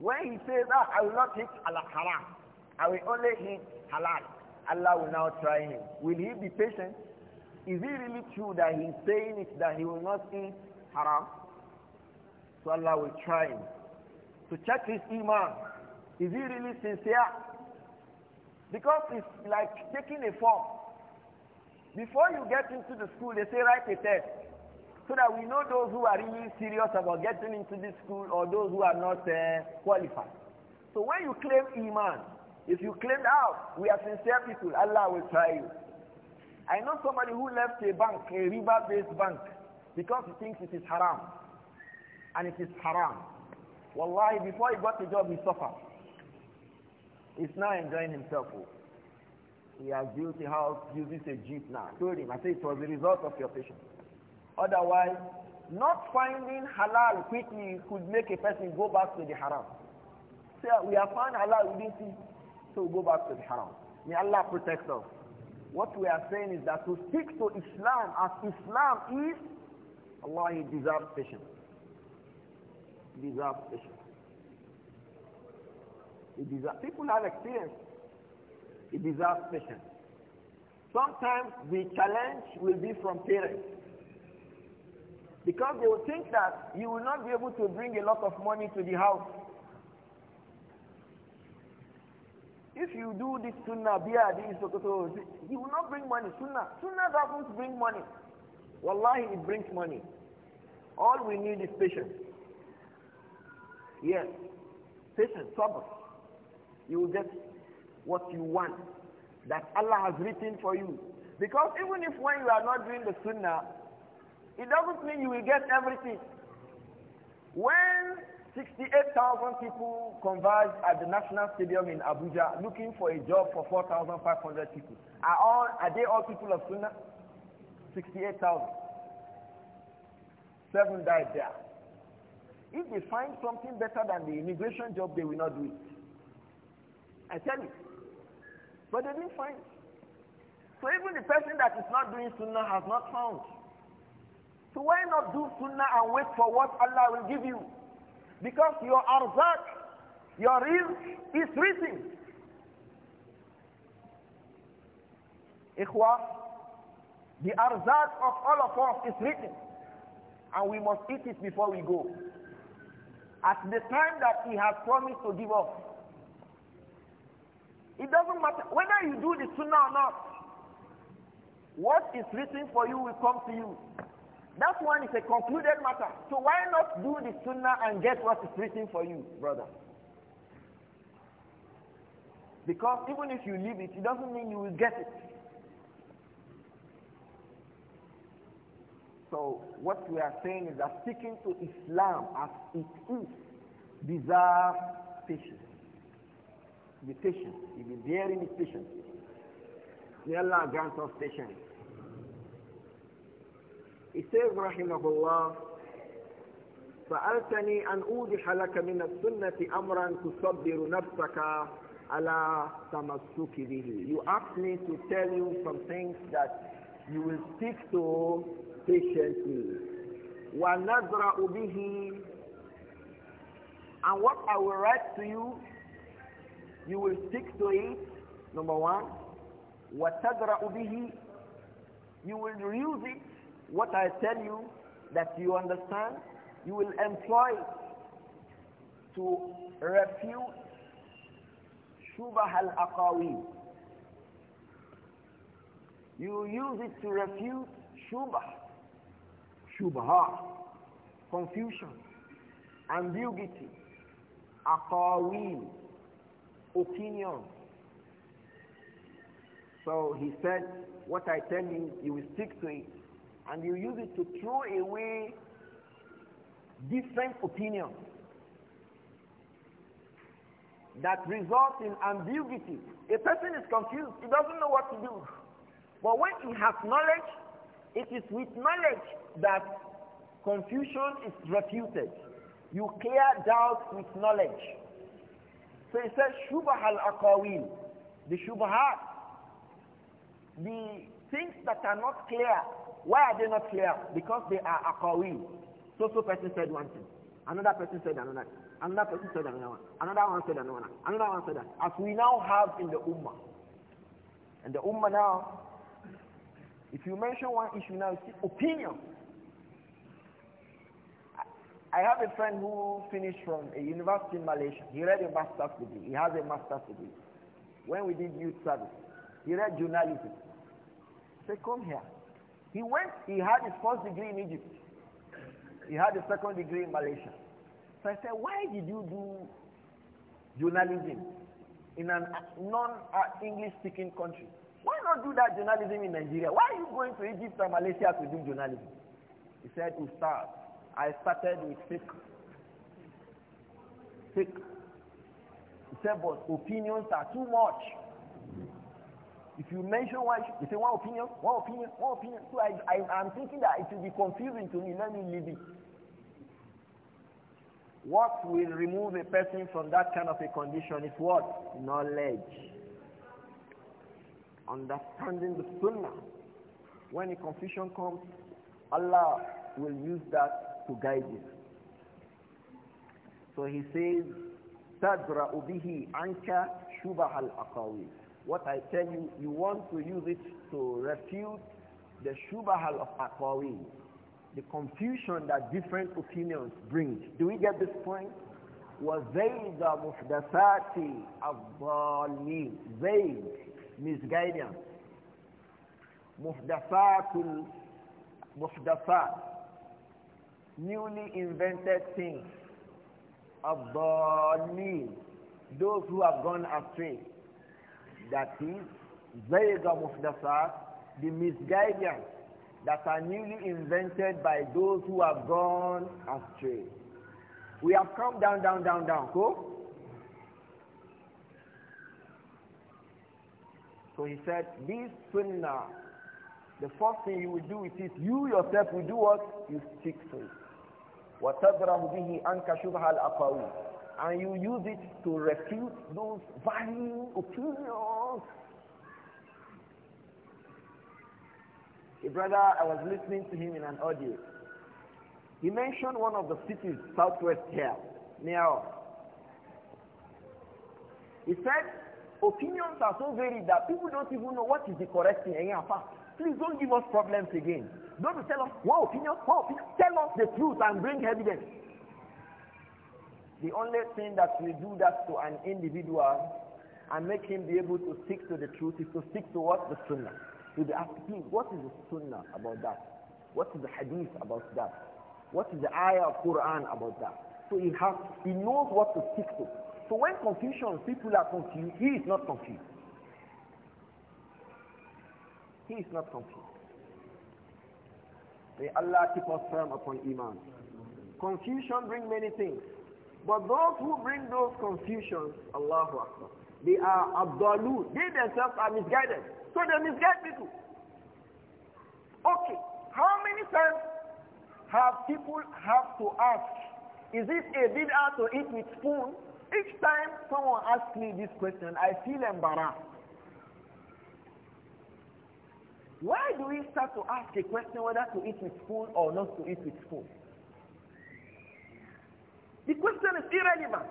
When he says, ah, I will not eat Allah haram I will only eat halal, Allah will now try him. Will he be patient? Is it really true that he's saying it that he will not eat haram? So Allah will try him. To check his iman. Is he really sincere? Because it's like taking a form. Before you get into the school, they say write a test. So that we know those who are really serious about getting into this school or those who are not uh, qualified. So when you claim iman, if you claim out, we are sincere people, Allah will try you. I know somebody who left a bank, a river-based bank, because he thinks it is haram. And it is haram. Wallahi, before he got the job, he suffered. He's now enjoying himself. Oh. He has built a house, uses a jeep now. I told him, I said, it was the result of your patience. Otherwise, not finding halal quickly could make a person go back to the haram. So we have found halal, we didn't see so we go back to the haram. May Allah protect us. What we are saying is that to stick to Islam as Islam is, Allah he deserves patience. He deserves patience. He deserves, people have experience. He deserves patience. Sometimes the challenge will be from parents. Because they will think that you will not be able to bring a lot of money to the house. If you do this sunnah, biadi, sokoto, he will not bring money. Sunnah. Sunnah doesn't bring money. Wallahi, it brings money. All we need is patience. Yes. Patience, sabr. You will get what you want that Allah has written for you. Because even if when you are not doing the sunnah, it doesn't mean you will get everything. When 68,000 people converged at the National Stadium in Abuja looking for a job for 4,500 people. Are, all, are they all people of Sunnah? 68,000. Seven died there. If they find something better than the immigration job, they will not do it. I tell you. But they didn't find. So even the person that is not doing Sunnah has not found. So why not do Sunnah and wait for what Allah will give you? Because your arzak, your rizq is rising. Ikhwa, the arzak of all of us is rising, And we must eat it before we go. At the time that he has promised to give us. It doesn't matter whether you do the sunnah or not. What is written for you will come to you. That one is a concluded matter. So why not do the sunnah and get what is written for you, brother? Because even if you leave it, it doesn't mean you will get it. So what we are saying is that sticking to Islam as it is deserves patience. Be patient. You be bearing the patience. May Allah grant us patience. He says, Rahimahullah, سألتني أن أوضح لك من السنة أمرا تصبر نفسك على تمسك به. You asked me to tell you some things that you will stick to patiently. وَنَزْرَعُ بِهِ And what I will write to you, you will stick to it, number one. وَتَزْرَعُ بِهِ You will use it what I tell you that you understand, you will employ to refute shubah al-aqawil. You use it to refute shubah, shubha, confusion, ambiguity, aqawil, opinion. So he said, what I tell you, you will stick to it and you use it to throw away different opinions that result in ambiguity. A person is confused. He doesn't know what to do. But when he has knowledge, it is with knowledge that confusion is refuted. You clear doubt with knowledge. So he says, Shubah al-Aqawil, the Shubhat, the things that are not clear why are they not clear? Because they are aqawi. So so person said one thing. Another person said another. Another person said another one. Another one said another one. Another one said that. As we now have in the Ummah. And the Ummah now, if you mention one issue now, it's opinion. I have a friend who finished from a university in Malaysia. He read a master's degree. He has a master's degree. When we did youth service, he read journalism. He said, come here. He went, he had his first degree in Egypt. He had his second degree in Malaysia. So I said, why did you do journalism in a uh, non-English uh, speaking country? Why not do that journalism in Nigeria? Why are you going to Egypt and Malaysia to do journalism? He said, start. I started with fake. Fake. He said, but opinions are too much. If you mention one you say one opinion, one opinion, one opinion. So I, I, I'm thinking that it will be confusing to me. Let me leave it. What will remove a person from that kind of a condition is what? Knowledge. Understanding the sunnah. When a confusion comes, Allah will use that to guide you. So he says, تَدْرَأُ بِهِ عَنْكَ شُبَهَ what I tell you, you want to use it to refute the shubahal of Aqawi, the confusion that different opinions bring. Do we get this point? وَزَيْدَ مُحْدَثَاتِ الضَّالِينَ Zayd, misguidance. مُحْدَثَاتُ muhdafat, newly invented things, abdalin, those who have gone astray that is Zayga Mufdasat, the misguidance that are newly invented by those who have gone astray. We have come down, down, down, down. Go. So he said, this sunnah, the first thing you will do is, it, you yourself will do what? You stick to it. وَتَذْرَهُ بِهِ أَنْكَ شُبْهَ and you use it to refute those varying opinions. A brother, I was listening to him in an audio. He mentioned one of the cities southwest here, near us. He said, opinions are so varied that people don't even know what is the correct thing. please don't give us problems again. Don't tell us one opinions, one opinion. Tell us the truth and bring evidence. The only thing that will do that to an individual and make him be able to stick to the truth is to stick to what? The sunnah. To be asked him, what is the sunnah about that? What is the hadith about that? What is the ayah of Quran about that? So he has, he knows what to stick to. So when confusion, people are confused, he is not confused. He is not confused. May Allah keep us firm upon Iman. Confusion brings many things. But those who bring those confusions, Allahu Akbar, they are abdalu. They themselves are misguided. So they misguide people. Okay, how many times have people have to ask, is it a bid'ah to eat with spoon? Each time someone asks me this question, I feel embarrassed. Why do we start to ask a question whether to eat with spoon or not to eat with spoon? The question is irrelevant.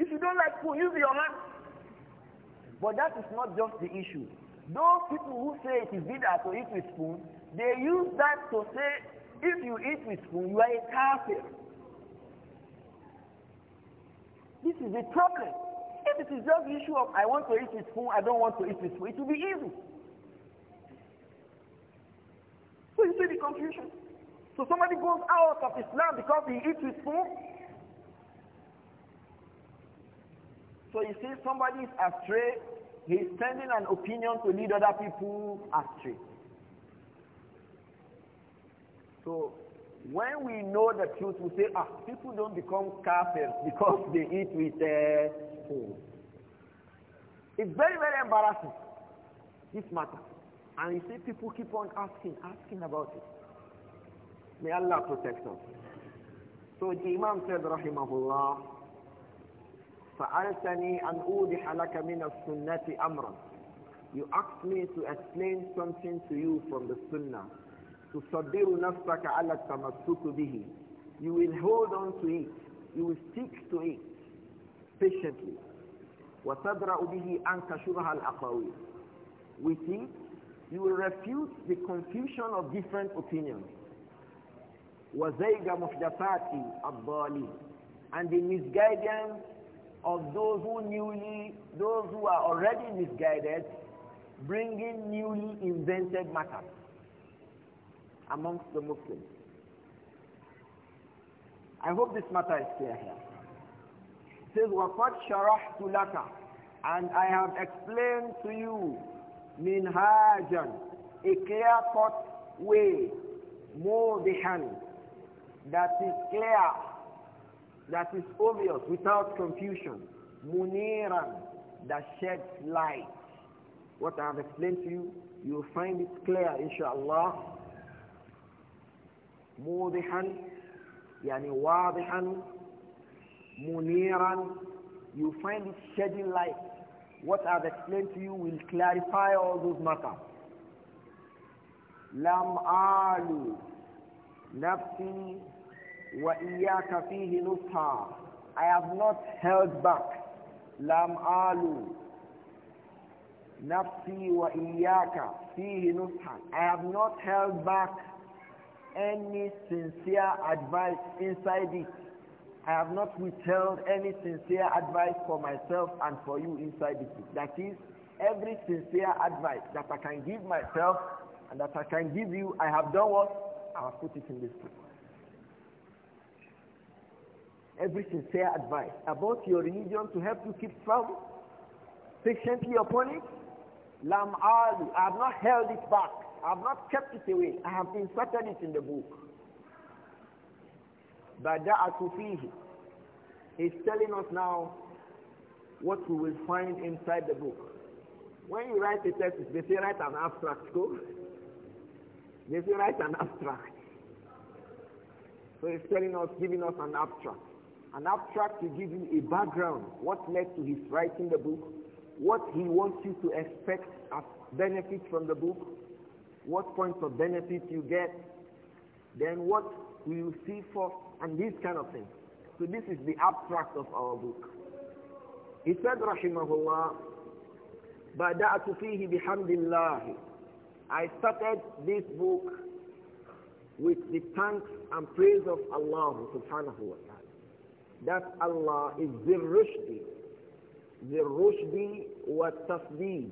If you don't like food, use your mouth. But that is not just the issue. Those people who say it is bitter to eat with spoon, they use that to say, if you eat with spoon, you are a kafir. This is the problem. If it is just the issue of, I want to eat with spoon, I don't want to eat with spoon, it will be easy. So you see the confusion. So somebody goes out of Islam because he eats with food. So you see, somebody is astray. He is sending an opinion to lead other people astray. So when we know the truth, we say, ah, people don't become kafirs because they eat with food. Uh, it's very, very embarrassing, this matter. And you see, people keep on asking, asking about it. May Allah protect us. So the Imam said, Rahimahullah, فَعَلْتَنِي أَنْ أُوْدِحَ لَكَ مِنَ السُنَّةِ أَمْرًا You asked me to explain something to you from the Sunnah. تُصَدِّرُ نَفْسَكَ عَلَى التَّمَسُّكُ بِهِ You will hold on to it. You will stick to it patiently. وَتَدْرَأُ بِهِ أَنْكَ شُبْهَ الْأَقَوِيلِ With it, you will refute the confusion of different opinions. وَزَيْغَ مُحْدَثَاتِ الضَّالِينَ And the misguidance of those who newly, those who are already misguided, bringing newly invented matters amongst the Muslims. I hope this matter is clear here. It says, وَقَدْ شَرَحْتُ لَكَ And I have explained to you minhajan, a clear-cut way, more مُوضِحًا that is clear, that is obvious, without confusion. Muniran, that sheds light. What I have explained to you, you will find it clear, inshallah. موضحا Yani واضحا Muniran, you find it shedding light what I've explained to you will clarify all those matters Lam alu, Nafsi wa iyyaka fihi nusha. I have not held back. Lam alu. Nafsi wa iyyaka fihi nusha. I have not held back any sincere advice inside it. I have not withheld any sincere advice for myself and for you inside it. That is, every sincere advice that I can give myself and that I can give you, I have done what? I'll put it in this book. Every sincere advice about your religion to help you keep from patiently upon it. Lam I have not held it back. I have not kept it away. I have inserted it in the book. Bada'atu fihi. He's telling us now what we will find inside the book. When you write a text, they say write an abstract code. They say write an abstract. So he's telling us, giving us an abstract. An abstract to give you a background, what led to his writing the book, what he wants you to expect as benefits from the book, what points of benefit you get, then what will you see for, and these kind of things. So this is the abstract of our book. He said, رحمه الله, بدأت فيه بحمد الله I started this book with the thanks and praise of Allah subhanahu wa ta'ala. That Allah is the rushdi, the rushdi wa tasdeed,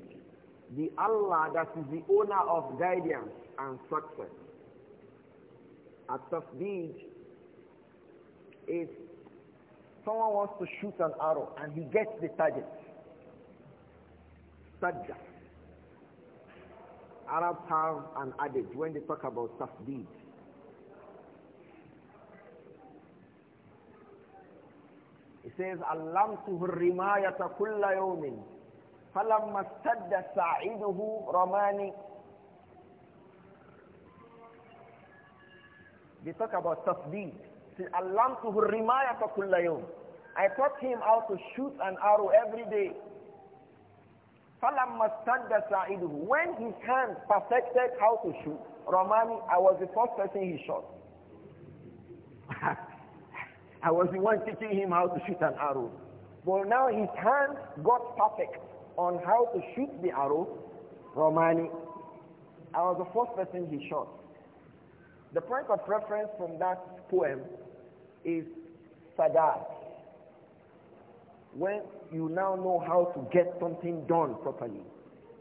the Allah that is the owner of guidance and success. A tasdeed is someone wants to shoot an arrow and he gets the target. Sajjah. Arabs have an adage when they talk about tasbih. It says, "Allamtuhu rimayata kulla yawmin, falamma stadda sa'iduhu ramani." They talk about tasbih. See, "Allamtuhu rimayata kulla yawm." I taught him how to shoot an arrow every day. فَلَمَّا اسْتَدَّ سَعِيدُهُ When his hand perfected how to shoot, Romani, I was the first person he shot. I was the one teaching him how to shoot an arrow. But now his hand got perfect on how to shoot the arrow, Romani. I was the first person he shot. The point of reference from that poem is Sadat when you now know how to get something done properly.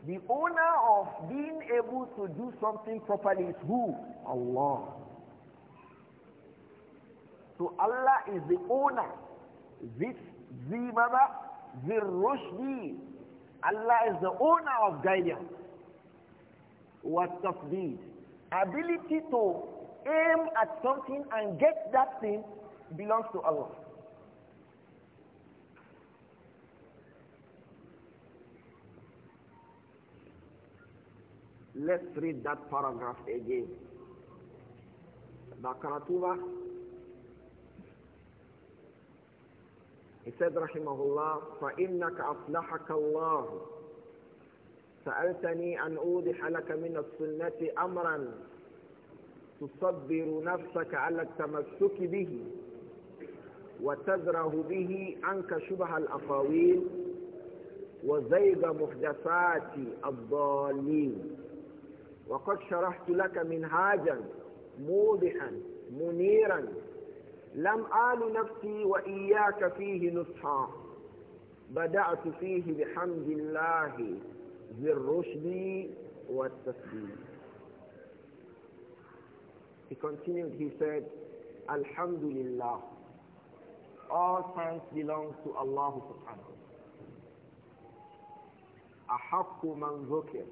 The owner of being able to do something properly is who? Allah. So Allah is the owner. This Zimada Zirrushdi. Allah is the owner of guidance. What tafdeed? Ability to aim at something and get that thing belongs to Allah. Let's read that paragraph again. Bakaratuba, he said, Rahimahullah, فَإِنَّكَ أَصْلَحَكَ اللَّهُ سألتني أن أوضح لك من السنة أمرا تصبر نفسك على التمسك به وتزره به عنك شبه الأقاويل وزيغ محدثات الضالين وقد شرحت لك منهاجا موضحا منيرا لم آل نفسي وإياك فيه نصحا بدأت فيه بحمد الله ذي الرشد والتسليم He continued, he said, Alhamdulillah. All thanks belong to Allah subhanahu. أحق من ذكر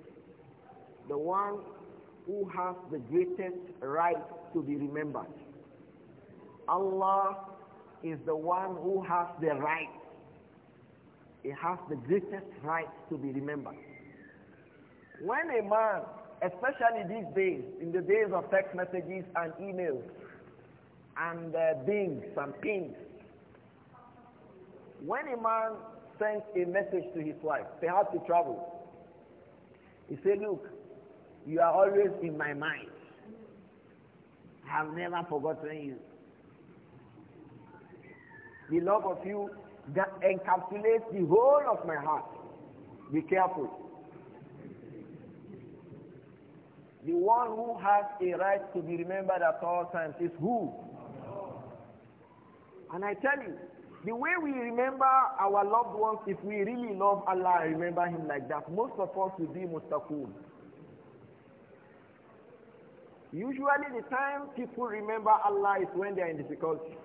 the one who has the greatest right to be remembered. Allah is the one who has the right. He has the greatest right to be remembered. When a man, especially these days, in the days of text messages and emails, and uh, and pings, when a man sends a message to his wife, perhaps to travel. he said, look, you are always in my mind. I have never forgotten you. The love of you that encapsulates the whole of my heart. Be careful. The one who has a right to be remembered at all times is who? And I tell you, the way we remember our loved ones, if we really love Allah and remember Him like that, most of us will be mustaqoon. Usually the time people remember Allah is when they are in difficulty.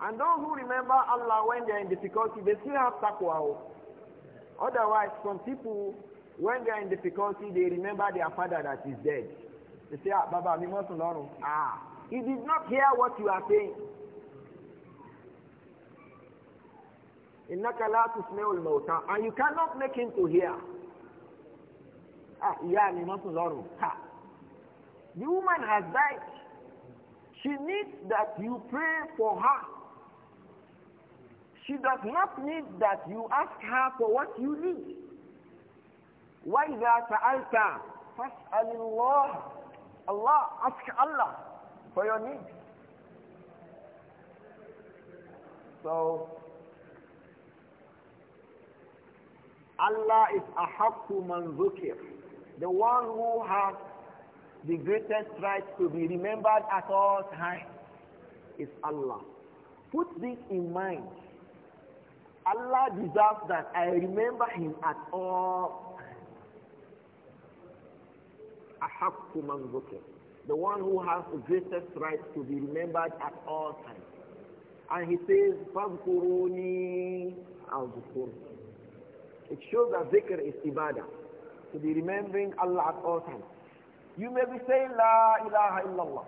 And those who remember Allah when they are in difficulty, they still have taqwa. Otherwise, some people, when they are in difficulty, they remember their father that is dead. They say, ah, Baba, we must learn. Ah, he did not hear what you are saying. إنك لا تسمع الموتى and you cannot make him to hear. Ah, yeah, we must learn. Ha. The woman has died. She needs that you pray for her. She does not need that you ask her for what you need. وَإِذَا سَأَلْتَ فَاسْأَلِ اللَّهِ Allah, ask Allah for your needs. So, Allah is أَحَقُّ مَنْ ذُكِرْ The one who has the greatest right to be remembered at all times is Allah. Put this in mind. Allah deserves that I remember him at all times. The one who has the greatest right to be remembered at all times. And he says, فَذْكُرُونِي It shows that zikr is ibadah. To be remembering Allah at all times. You may be saying La ilaha illallah.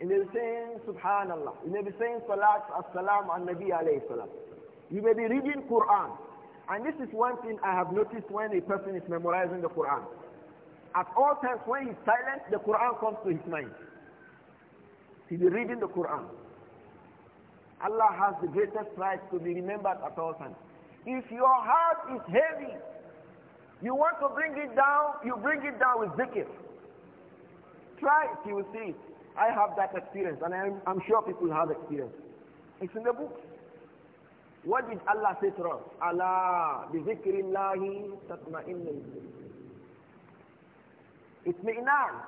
You may be saying Subhanallah. You may be saying Salat as-salam on Nabi alayhi salam. You may be reading Quran. And this is one thing I have noticed when a person is memorizing the Quran. At all times when he's silent, the Quran comes to his mind. He'll be reading the Quran. Allah has the greatest right to be remembered at all times. If your heart is heavy, you want to bring it down, you bring it down with zikr. Try you will see it. I have that experience, and I'm, I'm sure people have experience. It's in the book. What did Allah say to us? Allah, bi zikrillahi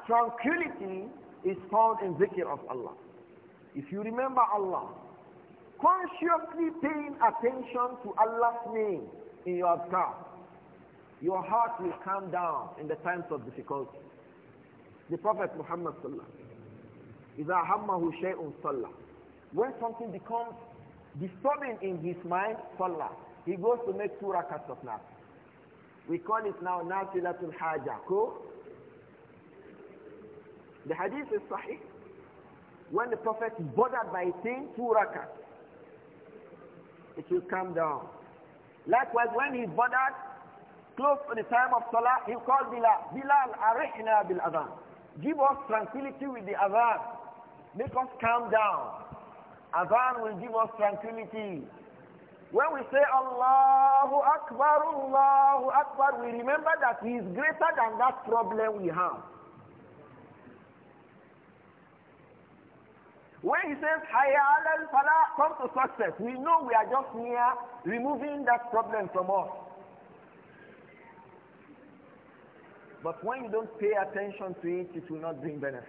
tranquility is found in zikr of Allah. If you remember Allah, consciously paying attention to Allah's name in your car, your heart will calm down in the times of difficulty. The Prophet Muhammad sallallahu alaihi wasallam. When something becomes disturbing in his mind, sallah, he goes to make two rakats of nafil. We call it now nafilatul haja. Cool? The hadith is sahih. When the Prophet is bothered by a thing, two rakats. It will calm down. Likewise, when he's bothered, close to the time of salah, he called Bilal. Bilal, arihna bil adhan. Give us tranquility with the Azan. Make us calm down. Azan will give us tranquility. When we say Allahu Akbar, Allahu Akbar, we remember that He is greater than that problem we have. When He says Hayya al Falah, come to success, we know we are just near removing that problem from us. But when you don't pay attention to it, it will not bring benefit.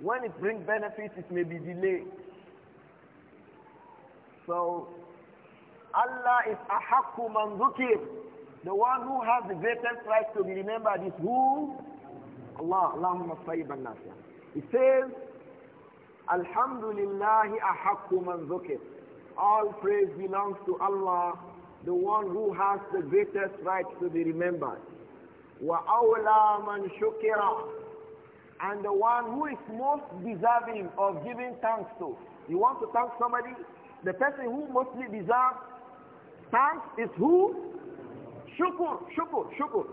When it brings benefit, it may be delayed. So, Allah is ahakku man dhukir. The one who has the greatest right to be remembered is who? Allah. Allahumma sayyiban nafiya. He says, Alhamdulillahi ahakku man dhukir. All praise belongs to Allah the one who has the greatest right to be remembered. وَأَوْلَى مَنْ شُكِرَ And the one who is most deserving of giving thanks to. You want to thank somebody? The person who mostly deserves thanks is who? Shukur, shukur, shukur.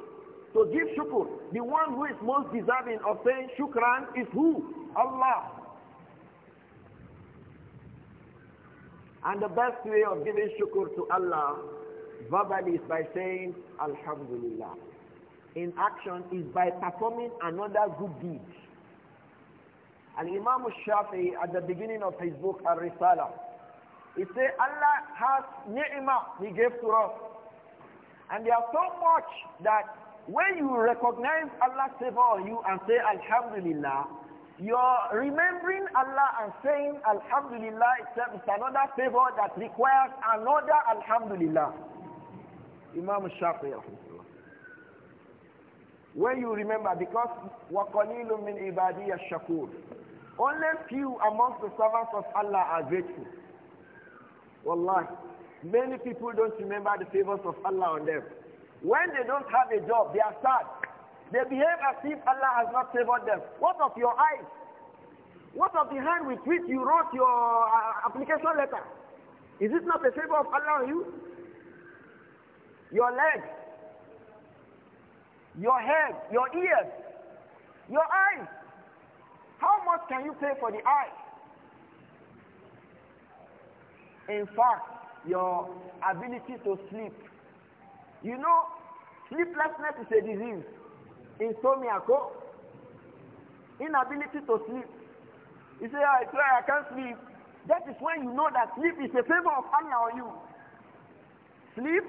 So give shukur. The one who is most deserving of saying shukran is who? Allah. And the best way of giving shukr to Allah verbally is by saying Alhamdulillah. In action is by performing another good deed. And Imam Shafi at the beginning of his book Al-Risala, he said Allah has ni'mah he gave to us. And there are so much that when you recognize Allah's favor on you and say Alhamdulillah, your remembering Allah and saying Alhamdulillah itself is another favor that requires another Alhamdulillah. Imam Shafi'i when you remember because وَقَلِيلٌ مِّنْ عِبَادِيَ الشَّكُورِ Only few amongst the servants of Allah are grateful. Wallahi, many people don't remember the favors of Allah on them. When they don't have a job, they are sad. They behave as if Allah has not favored them. What of your eyes? What of the hand with which you wrote your uh, application letter? Is it not a favor of Allah on you? Your legs, your head, your ears, your eyes. How much can you pay for the eyes? In fact, your ability to sleep. You know, sleeplessness is a disease insomnia ko inability to sleep you say i try i can't sleep that is when you know that sleep is a favor of allah on you sleep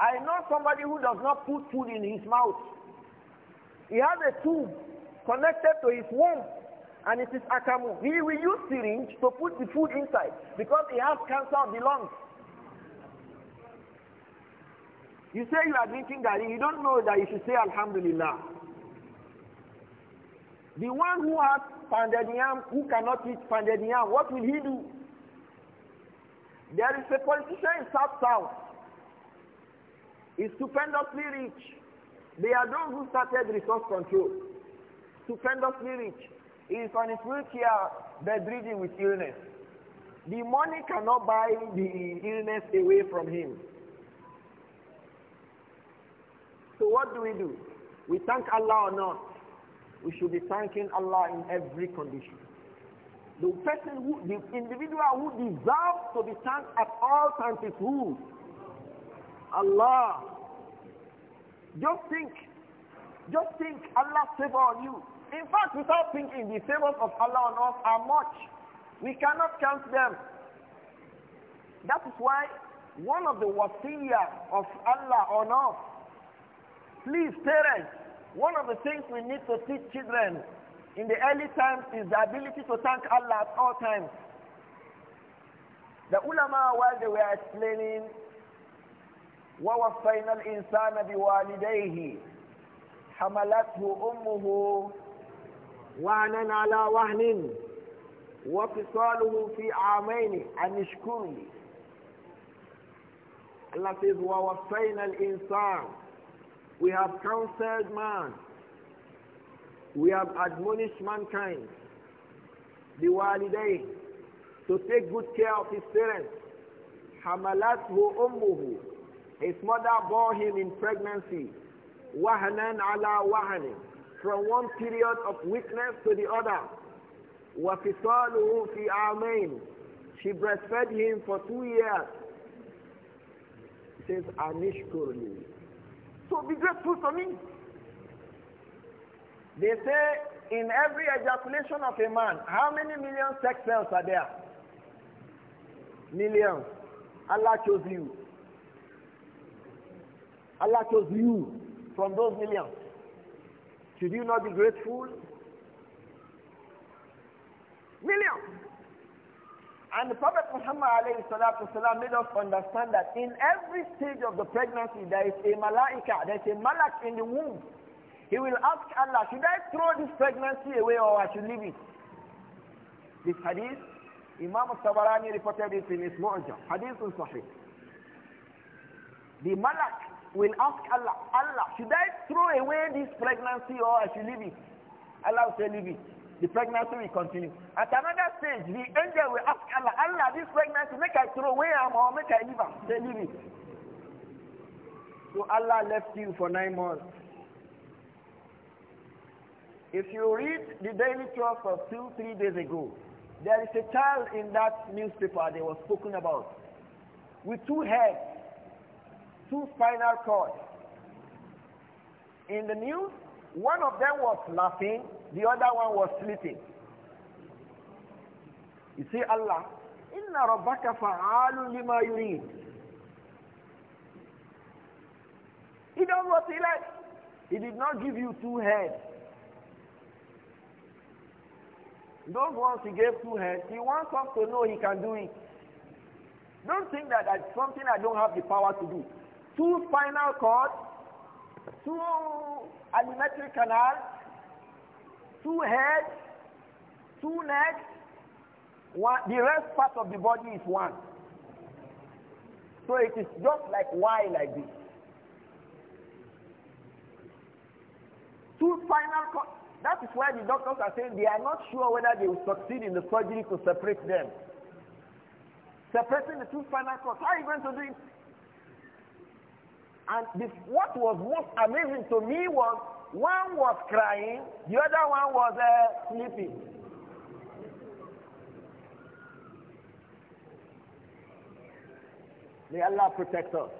i know somebody who does not put food in his mouth he has a tube connected to his womb and it is akamu he will use syringe to put the food inside because he has cancer of the lungs You say you are drinking garri, you don't know that you should say Alhamdulillah. The one who has pounded yam, who cannot eat pounded yam, what will he do? There is a politician in South South. He's stupendously rich. They are those who started resource control. Stupendously rich. He is on his wheelchair, bedridden with illness. The money cannot buy the illness away from him. So what do we do? We thank Allah or not? We should be thanking Allah in every condition. The person who, the individual who deserves to be thanked at all times is who? Allah. Just think. Just think Allah's favor on you. In fact, without thinking, the favors of Allah on us are much. We cannot count them. That is why one of the wasiyah of Allah on us Please, parents, one of the things we need to teach children in the early times is the ability to thank Allah at all times. The ulama, while they were explaining, وَوَفَّيْنَا الْإِنسَانَ بِوَالِدَيْهِ حَمَلَتْهُ أُمُّهُ وَعْنًا عَلَى وَهْنٍ وَفِصَالُهُ فِي عَامَيْنِ أَنِ اشْكُرْ لِي That is, says, وَوَفَّيْنَا الْإِنسَانَ we have counseled man. We have admonished mankind, the walidain, to take good care of his parents. Hamalathu ummuhu. His mother bore him in pregnancy. Wahanan ala wahanin. From one period of weakness to the other. وَفِصَالُهُ فِي عَامَيْنِ She breastfed him for two years. It says, أَنِشْكُرْ لِي So be grateful for me. They say in every ejaculation of a man, how many million sex cells are there? Millions. Allah chose you. Allah chose you from those millions. Should you not be grateful? Millions. And the Prophet Muhammad made us understand that in every stage of the pregnancy there is a malaika, there is a malak in the womb. He will ask Allah, should I throw this pregnancy away or I should leave it? This hadith, Imam Tabarani reported it in his Mu'jam, hadith sahih. The malak will ask Allah, Allah, should I throw away this pregnancy or I should leave it? Allah will say, leave it the pregnancy will continue. At another stage, the angel will ask Allah, Allah, this pregnancy, make I throw away am or make I leave am. Say, leave it. So Allah left you for nine months. If you read the Daily Trust of two, three days ago, there is a child in that newspaper they were spoken about with two heads, two spinal cords. In the news, one of them was laughing, the other one was sleeping. You see Allah, Inna Rabbaka fa'alun lima yurid. He does what he likes. He did not give you two heads. Those ones he gave two heads, he wants us to know he can do it. Don't think that that's something I don't have the power to do. Two spinal cords, two alimentary canals, two heads, two necks, one, the rest part of the body is one. So it is just like Y like this. Two final, that is why the doctors are saying they are not sure whether they will succeed in the surgery to separate them. Separating the two spinal cords, how are you going to do it? And this, what was most amazing to me was one was crying, the other one was uh, sleeping. May Allah protect us.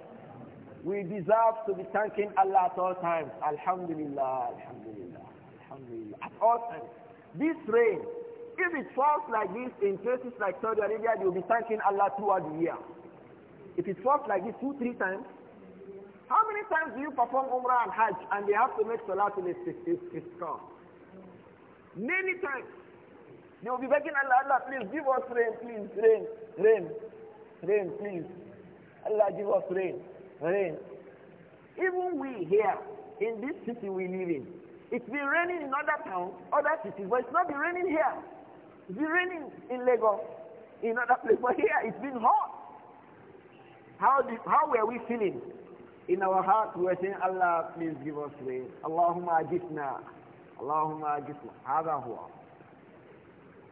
We deserve to be thanking Allah at all times. Alhamdulillah, Alhamdulillah, Alhamdulillah. At all times. This rain, if it falls like this in places like Saudi Arabia, you'll be thanking Allah throughout the year. If it falls like this two, three times, how many times do you perform Umrah and Hajj and they have to make Salat in Istiqam? Many times. They will be begging Allah, Allah, please give us rain, please, rain, rain, rain, please. Allah, give us rain, rain. Even we here, in this city we live in, it's been raining in other towns, other cities, but it's not been raining here. It's been raining in Lagos, in other places, but here it's been hot. How, did, how were we feeling? In our heart, we are saying, Allah, please give us rain. Allahumma ajitna. Allahumma ajitna. Hada huwa.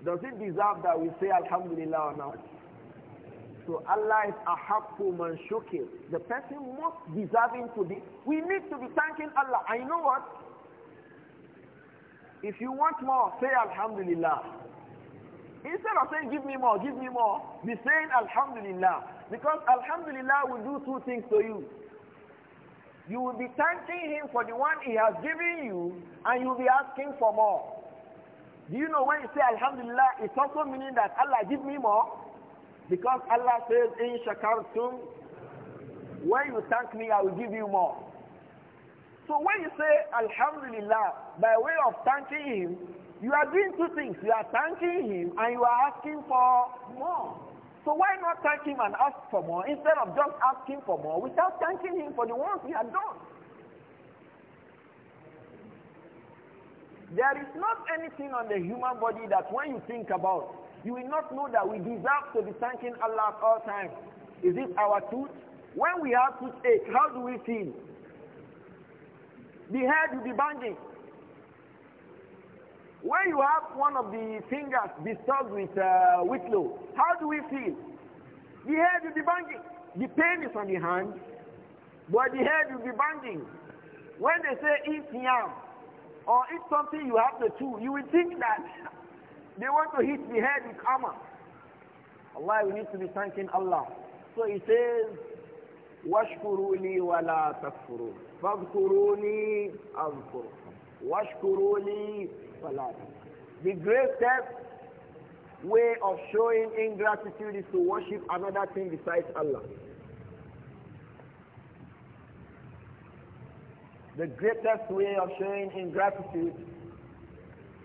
Does it deserve that we say Alhamdulillah or not? So Allah is ahakku man shukir. The person most deserving to be. We need to be thanking Allah. I know what? If you want more, say Alhamdulillah. Instead of saying, give me more, give me more, be saying Alhamdulillah. Because Alhamdulillah will do two things to you. You will be thanking him for the one he has given you and you will be asking for more. Do you know when you say Alhamdulillah, it's also meaning that Allah give me more? Because Allah says in Shakartum, when you thank me, I will give you more. So when you say Alhamdulillah, by way of thanking him, you are doing two things. You are thanking him and you are asking for more. So why not thank him and ask for more instead of just asking for more without thanking him for the work he had done? There is not anything on the human body that when you think about, you will not know that we deserve to be thanking Allah at all times. Is it our tooth? When we have toothache, how do we feel? The head will be banging. When you have one of the fingers disturbed with uh, whitlow, how do we feel? The head will be banging. The pain is on the hand, but the head will be banging. When they say eat yam or eat something you have to chew, you will think that they want to hit the head with armor. Allah, we need to be thanking Allah. So he says, واشكروا لي ولا تكفروا فاذكروني Wash واشكروا لي the greatest way of showing ingratitude is to worship another thing besides Allah. The greatest way of showing ingratitude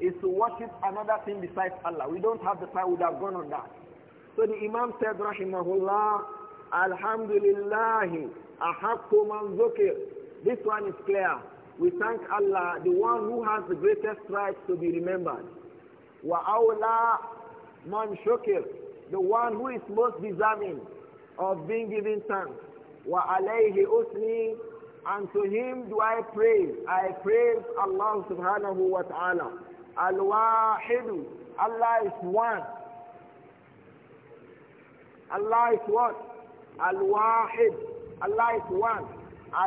is to worship another thing besides Allah. We don't have the time, we would have gone on that. So the Imam said, Rahimahullah, Alhamdulillah, Ahakku man This one is clear. We thank Allah, the one who has the greatest right to be remembered. وَأَوْلَى man shukir, The one who is most deserving of being given thanks. وَعَلَيْهِ usni, And to him do I praise. I praise Allah subhanahu wa ta'ala. Al-Wahidu. Allah is one. Allah is what? Al-Wahid. Allah is one.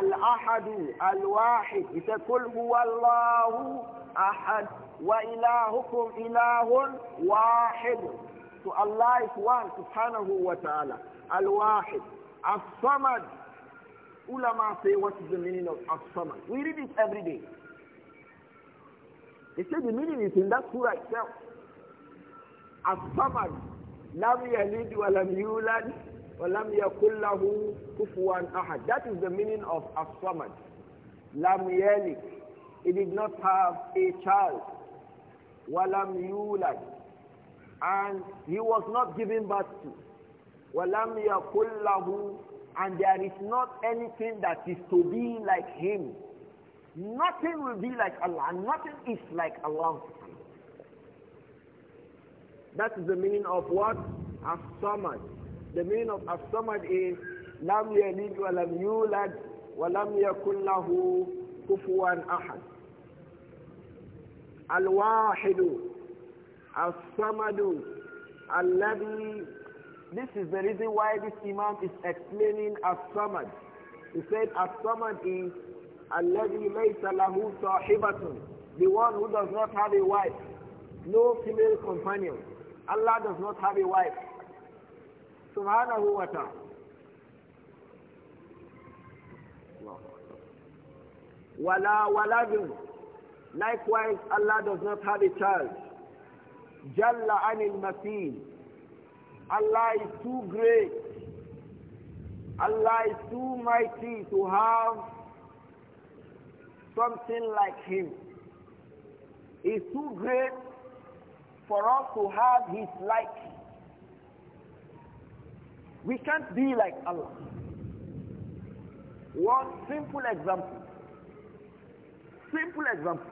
الأحد الواحد يقول هو الله أحد وإلهكم إله واحد So Allah is one subhanahu wa ta'ala الصمد علماء say what is the meaning of الصمد We read it every day They say the meaning is in that surah itself الصمد لم يلد ولم يولد وَلَمْ لَهُ كُفُوًا أَحَدٌ That is the meaning of As-Samad. لَمْ He did not have a child. وَلَمْ يُولَدْ And he was not given birth to. وَلَمْ يَكُلْ لَهُ And there is not anything that is to be like him. Nothing will be like Allah. Nothing is like Allah. That is the meaning of what? as the meaning of as-samad is lam yalid wa lam yulad wa lam yakun lahu kufuwan ahad. Al-wahidu as-samadu alladhi This is the reason why this Imam is explaining as-samad. He said as-samad is alladhi laysa lahu sahibatun. The one who does not have a wife, no female companion. Allah does not have a wife subhanahu wa ta'ala. Wala waladun. Likewise, Allah does not have a child. Jalla anil mateen. Allah is too great. Allah is too mighty to have something like him. Is too great for us to have his like. We can't be like Allah. One simple example. Simple example.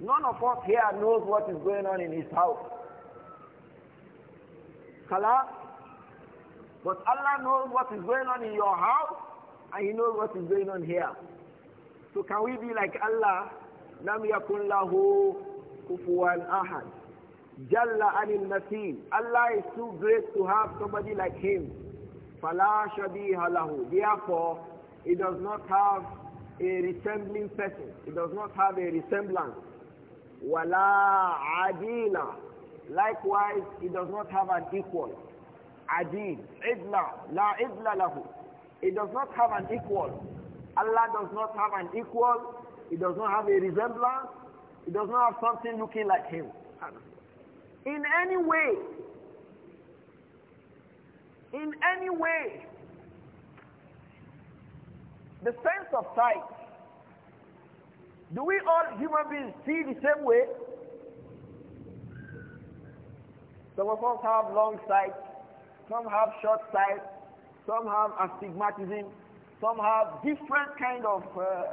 None of us here knows what is going on in his house. Kala, but Allah knows what is going on in your house and He knows what is going on here. So can we be like Allah? لم يكن له كفوا أحد Jalla anil Masih, Allah is too great to have somebody like him. Fala shabiha Therefore, he does not have a resembling person. He does not have a resemblance. Wala adila. Likewise, he does not have an equal. Adil. Idla. La idla lahu. He does not have an equal. Allah does not have an equal. He does not have a resemblance. He does not have something looking like him in any way, in any way, the sense of sight, do we all human beings see the same way? Some of us have long sight, some have short sight, some have astigmatism, some have different kind of uh,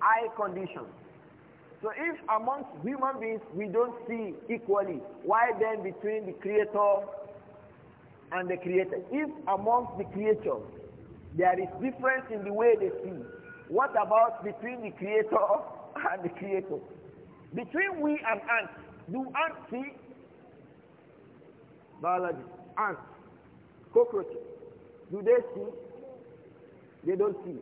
eye conditions. So if amongst human beings we don't see equally, why then between the creator and the creator? If amongst the creators there is difference in the way they see, what about between the creator and the creator? Between we and ants, do ants see? Biology, ants, cockroaches, do they see? They don't see.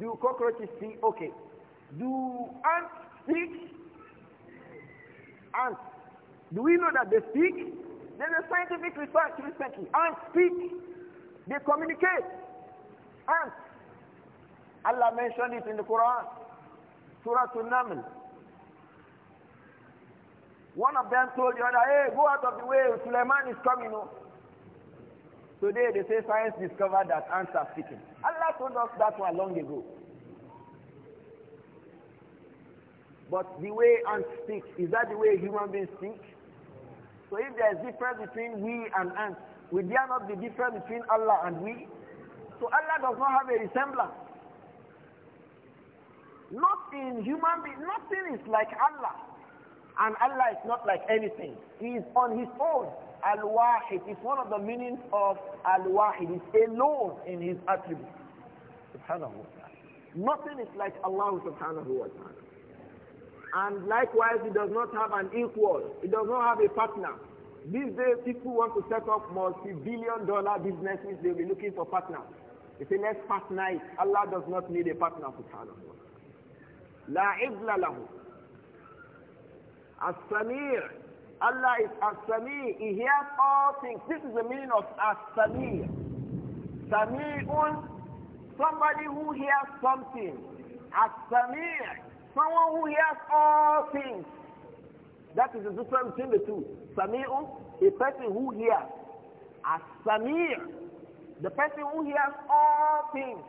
Do cockroaches see? Okay. Do ants speak? Ants. Do we know that they speak? There's a scientific research recently. Ants speak. They communicate. Ants. Allah mentioned it in the Quran. Surah An-Naml. One of them told the other, hey, go out of the way, Suleiman is coming. Oh. Today they say science discovered that ants are speaking. Allah told us that one long ago. But the way ants speak, is that the way human beings speak? So if there is difference between we and ants, will there not be difference between Allah and we? So Allah does not have a resemblance. Not in human being, nothing is like Allah. And Allah is not like anything. He is on his own. Al-Wahid is one of the meanings of Al-Wahid. It's alone in his attributes. Subhanahu wa ta'ala. Nothing is like Allah subhanahu wa ta'ala. And likewise, he does not have an equal. He does not have a partner. These days, people want to set up multi-billion dollar businesses. They'll be looking for partners. They say, let's partner it. Allah does not need a partner, subhanahu wa ta'ala. La ibla lahu. As-Samir Allah is As-Sami. He hears all things. This is the meaning of As-Sami. Sami'un, somebody who hears something. As-Sami, someone who hears all things. That is the difference between the two. Sami'un, a person who hears. As-Sami, the person who hears all things.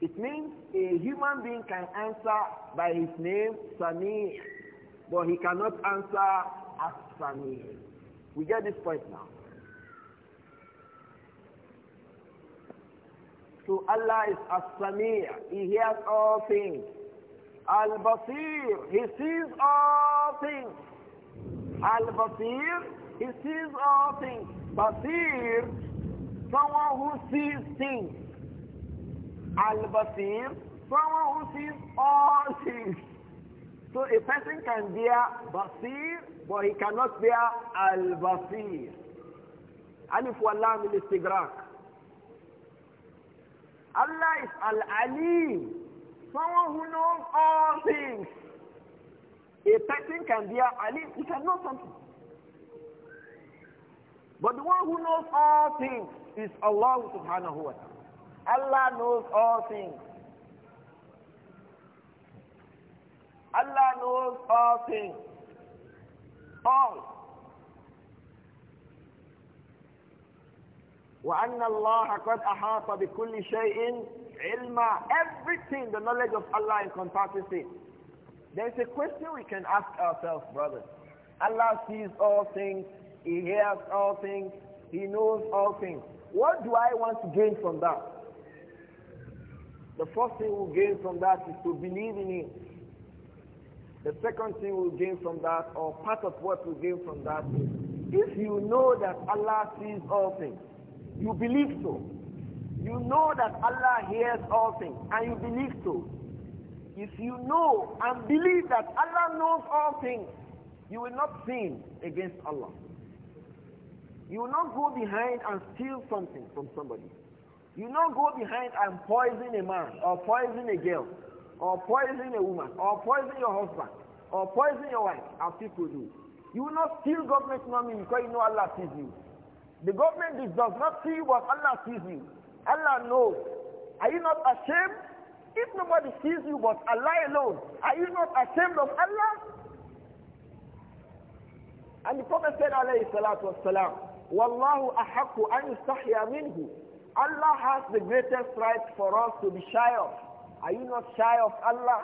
It means a human being can answer by his name, Sami' but he cannot answer Asani. We get this point now. So Allah is as He hears all things. Al-Basir, He sees all things. Al-Basir, He sees all things. Basir, someone who sees things. Al-Basir, someone who sees all things. So a person can bear basir, but he cannot bear al-basir. Alif wallah min istigrak. Allah is al-alim, someone who knows all things. A person can bear alim, he can know something. But the one who knows all things is Allah subhanahu wa ta'ala. Allah knows all things. Allah knows all things. All. وأن الله قد أحاط بكل شيء علما everything the knowledge of Allah encompasses it there is a question we can ask ourselves brothers Allah sees all things he hears all things he knows all things what do I want to gain from that the first thing we gain from that is to believe in him the second thing we gain from that, or part of what we gain from that, is if you know that Allah sees all things, you believe so. You know that Allah hears all things, and you believe so. If you know and believe that Allah knows all things, you will not sin against Allah. You will not go behind and steal something from somebody. You will not go behind and poison a man or poison a girl or poison a woman, or poison your husband, or poison your wife, as people do. You will not steal government money because you know Allah sees you. The government does not see what Allah sees you. Allah knows. Are you not ashamed? If nobody sees you but Allah alone, are you not ashamed of Allah? And the Prophet said, alayhi salatu wasalam, Wallahu ahakku an Allah has the greatest right for us to be shy of. Are you not shy of Allah?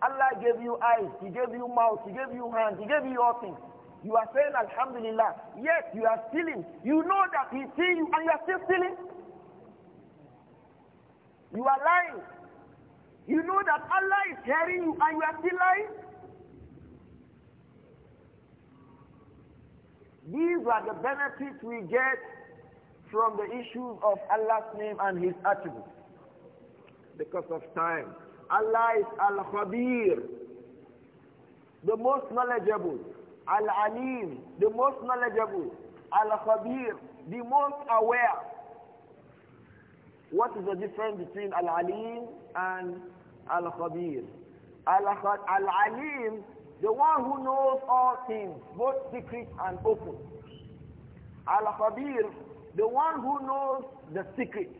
Allah gave you eyes, He gave you mouth, He gave you hands, He gave you all things. You are saying Alhamdulillah, yet you are stealing. You know that He sees you and you are still stealing. You are lying. You know that Allah is hearing you and you are still lying. These are the benefits we get from the issues of Allah's name and His attributes because of time. Allah is Al-Khabir, the most knowledgeable. Al-Alim, the most knowledgeable. Al-Khabir, the most aware. What is the difference between Al-Alim and Al-Khabir? Al-Alim, the one who knows all things, both secret and open. Al-Khabir, the one who knows the secret.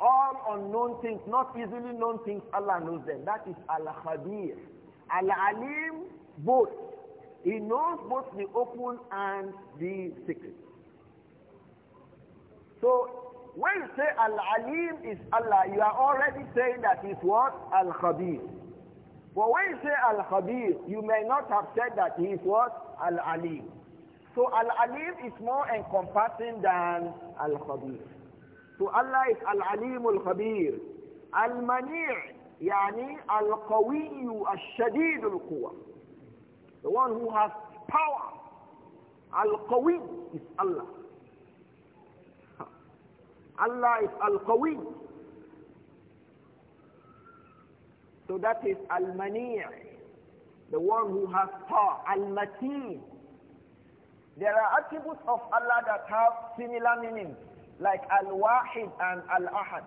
All unknown things, not easily known things, Allah knows them. That is Al-Khabir. Al-Alim, both. He knows both the open and the secret. So, when you say Al-Alim is Allah, you are already saying that he's what? Al-Khabir. But when you say Al-Khabir, you may not have said that he is what? Al-Alim. So Al-Alim is more encompassing than Al-Khabir. So Allah is Al-Alimul Khabir. Al-Mani' يعني القوي الشديد القوة. The one who has power. Al-Qawi is Allah. Allah is al qawiy So that is Al-Mani' the one who has power, Al-Mateen. There are attributes of Allah that have similar meanings. like Al-Wahid and Al-Ahad,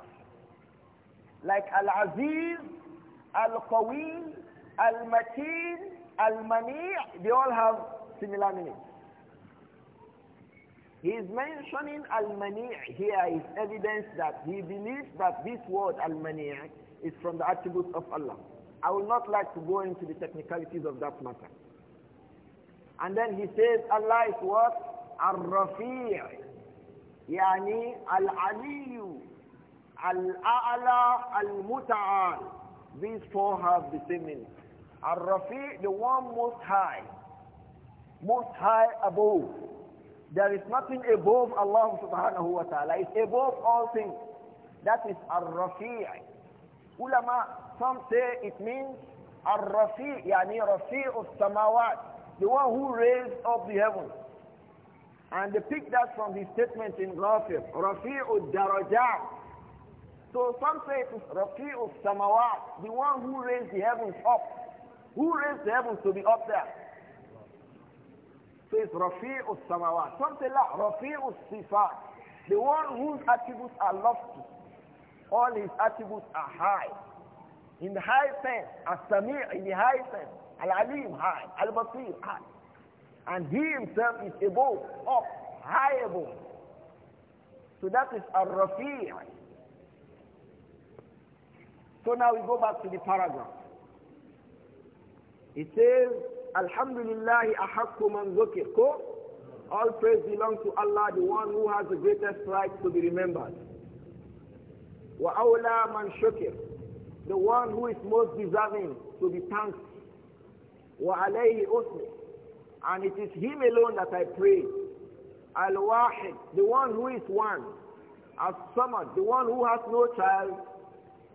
like Al-Aziz, al qawil Al-Mateen, Al-Mani', they all have similar meanings. He is mentioning Al-Mani' here is evidence that he believes that this word Al-Mani' is from the attributes of Allah. I will not like to go into the technicalities of that matter. And then he says Allah is what? ar rafii يعني العلي الأعلى المتعال These four have the same meaning. al the one most high. Most high above. There is nothing above Allah subhanahu wa ta'ala. It's above all things. That is Ulama, some say it means al يعني yani Rafi of Samawat. The one who raised up the heavens. And they pick that from his statement in Ghafir, Rafi'u Darajat. So some say it is Rafi'u Samawat, the one who raised the heavens up. Who raised the heavens to be up there? So it's Rafi'u Samawat. Some say La, Rafi'u Sifat, the one whose attributes are lofty. All his attributes are high. In the high sense, as Samir in the high sense, Al-Alim high, Al-Basir high. And he himself is above, up, high above. So that a Ar-Rafi'. So now we go back to the paragraph. It says, Alhamdulillah ahakku man zukirko. All praise belongs to Allah, the one who has the greatest right to be remembered. Wa awla man shukir. The one who is most deserving to be thanked. Wa alayhi usmi. And it is Him alone that I pray. Al-Wahid, the one who is one. As-Samad, the one who has no child,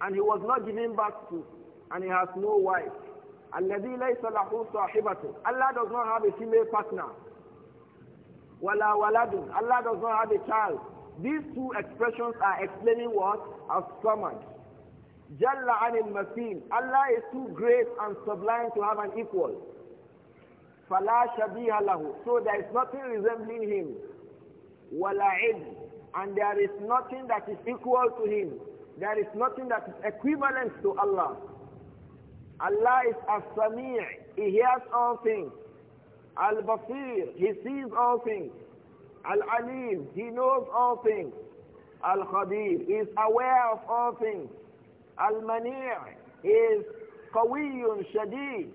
and he was not given birth to, and he has no wife. Al-Ladhi laysa lahu sahibatu. Allah does not have a female partner. Wala waladun. Allah does not have a child. These two expressions are explaining what? As-Samad. Jalla anil masin. Allah is too great and sublime to have an equal. فَلَا شَبِيهَ لَهُ So there is nothing resembling him. وَلَا عِدْ And there is nothing that is equal to him. There is nothing that is equivalent to Allah. Allah is As-Sami' He hears all things. Al-Basir He sees all things. Al-Alim He knows all things. Al-Khadir is aware of all things. Al-Mani' is قويٌ Shadid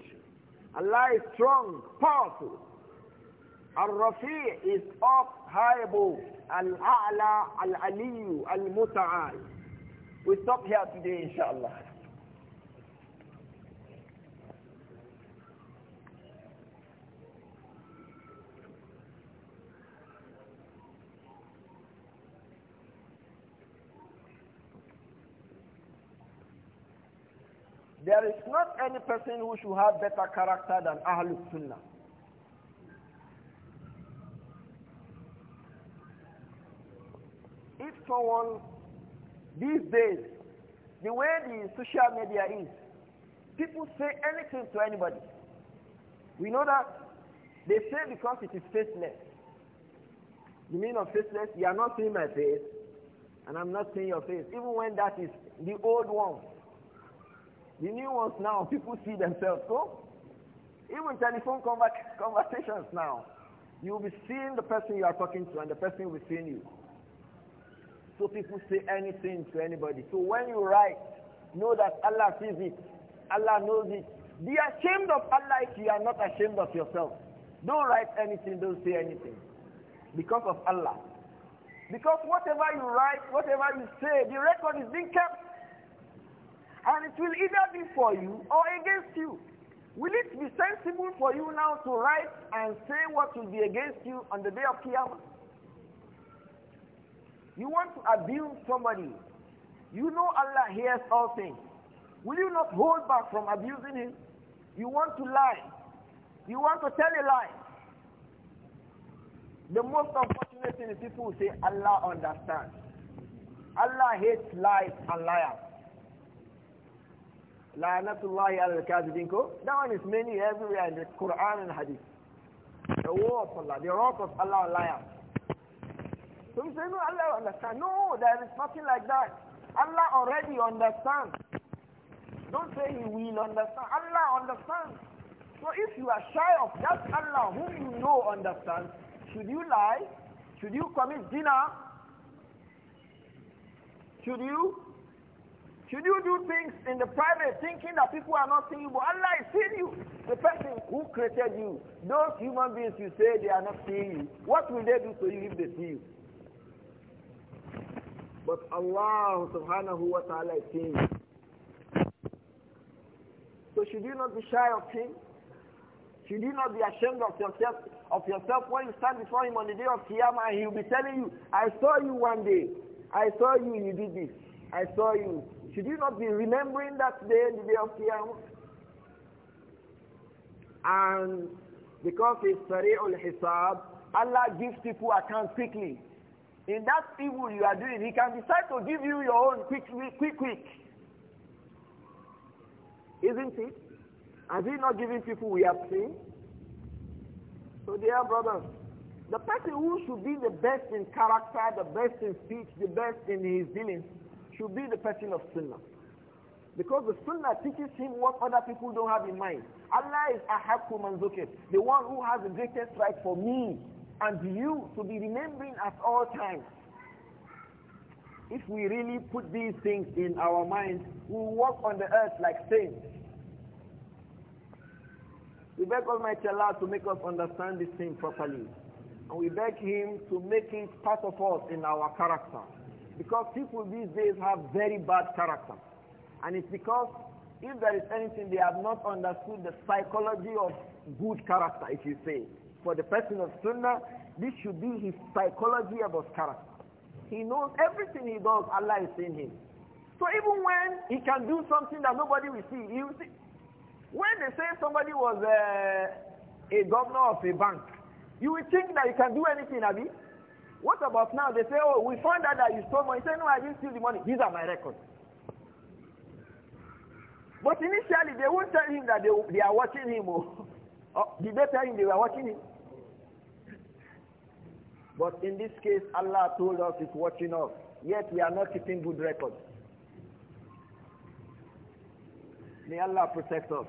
Allah is strong, powerful. Al-Rafi is up high above. Al-A'la, Al-Aliyu, Al-Muta'al. We stop here today, inshallah. There is not any person who should have better character than Ahlul Sunnah. If someone, these days, the way the social media is, people say anything to anybody. We know that they say because it is faceless. You mean of faceless? You are not seeing my face, and I'm not seeing your face. Even when that is the old one, the new ones now, people see themselves. So, even telephone conversations now, you will be seeing the person you are talking to and the person will be seeing you. So people say anything to anybody. So when you write, know that Allah sees it. Allah knows it. Be ashamed of Allah if you are not ashamed of yourself. Don't write anything, don't say anything. Because of Allah. Because whatever you write, whatever you say, the record is being kept. And it will either be for you or against you. Will it be sensible for you now to write and say what will be against you on the day of Qiyamah? You want to abuse somebody. You know Allah hears all things. Will you not hold back from abusing him? You want to lie. You want to tell a lie. The most unfortunate thing is people who say Allah understands. Allah hates lies and liars. La'anatullahi al-kadibin ko. That one is many everywhere in the Quran and Hadith. The war of Allah, the wrath of Allah on liars. So we say, no, Allah understands. No, there is nothing like that. Allah already understands. Don't say he will understand. Allah understands. So if you are shy of that Allah whom you know understands, should you lie? Should you commit dinner? Should you should you do things in the private thinking that people are not seeing you? But Allah is seeing you. The person who created you, those human beings you say they are not seeing you, what will they do to you if they see you? But Allah subhanahu wa ta'ala is seeing you. So should you not be shy of him? Should you not be ashamed of yourself of yourself when you stand before him on the day of Qiyamah and he'll be telling you, I saw you one day. I saw you, you did this. I saw you, should you not be remembering that day, the day of Qiyamah? And because it's Sari'ul Hisab, Allah gives people account quickly. In that evil you are doing, He can decide to give you your own quick, quick, quick. Isn't it? Has He not given people we have seen? So dear brothers, the person who should be the best in character, the best in speech, the best in his dealings, should be the person of Sunnah. Because the Sunnah teaches him what other people don't have in mind. Allah is Ahakku Manzukir, the one who has the greatest right for me and you to be remembering at all times. If we really put these things in our minds, we will walk on the earth like saints. We beg Almighty Allah to make us understand this thing properly. And we beg Him to make it part of us in our character. Because people these days have very bad character. And it's because if there is anything they have not understood the psychology of good character, if you say. For the person of Sunnah, this should be his psychology about character. He knows everything he does, Allah is in him. So even when he can do something that nobody will see, he will see. When they say somebody was uh, a governor of a bank, you will think that you can do anything, Abi. What about now? They say, oh, we found out that you stole money. He said, no, I didn't steal the money. These are my records. But initially, they won't tell him that they, they are watching him. oh, oh did they tell him they were watching him? But in this case, Allah told us he's watching us. Yet we are not keeping good records. May Allah protect us.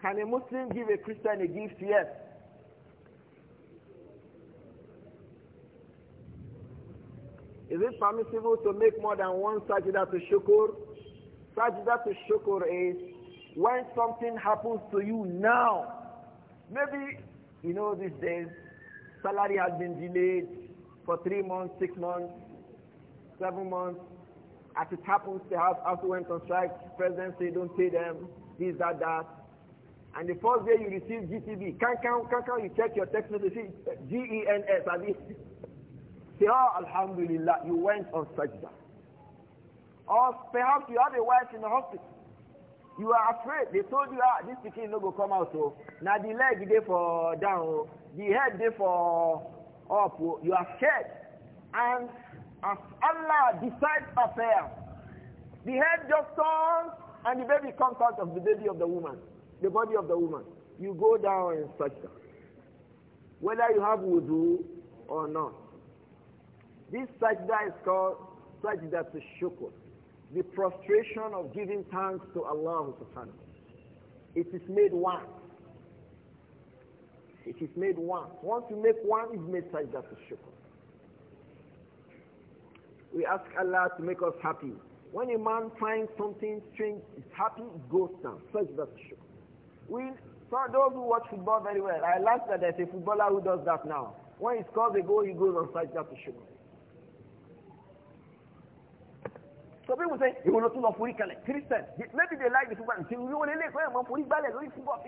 Can a Muslim give a Christian a gift? Yes. Is it permissible to make more than one sajda to shukur? Sajda to shukur is when something happens to you now. Maybe, you know, these days, salary has been delayed for three months, six months, seven months. As it happens, they have also went on strike. President say don't pay them, this, that, that. And the first day you receive GTB, can, can, can, can you check your text message, G-E-N-S, Say, oh, Alhamdulillah, you went on sajda. Or perhaps you have a wife in the hospital. You are afraid. They told you, ah, this chicken no go come out. So oh. now the leg they for down, oh. the head they for up. Oh. You are scared. And as Allah decides affair, the head just turns and the baby comes out of the baby of the woman, the body of the woman. You go down and sajda. Whether you have wudu or not. This sajda is called sajda to shukr, the prostration of giving thanks to Allah subhanahu It is made one. It is made one. Once you make one, it's made sajda to shukr. We ask Allah to make us happy. When a man finds something strange, is happy, it goes down. Sajda to shukr. We, for those who watch football very well, I like that there's a footballer who does that now. When he scores a goal, he goes on sajda to shukr. Some people say, ìwọ ló tún lọ forí kalẹ̀, Christian, maybe they like the football team, ìwọ lè lè kọ́ ẹ̀mọ́ forí gbálẹ̀ lórí football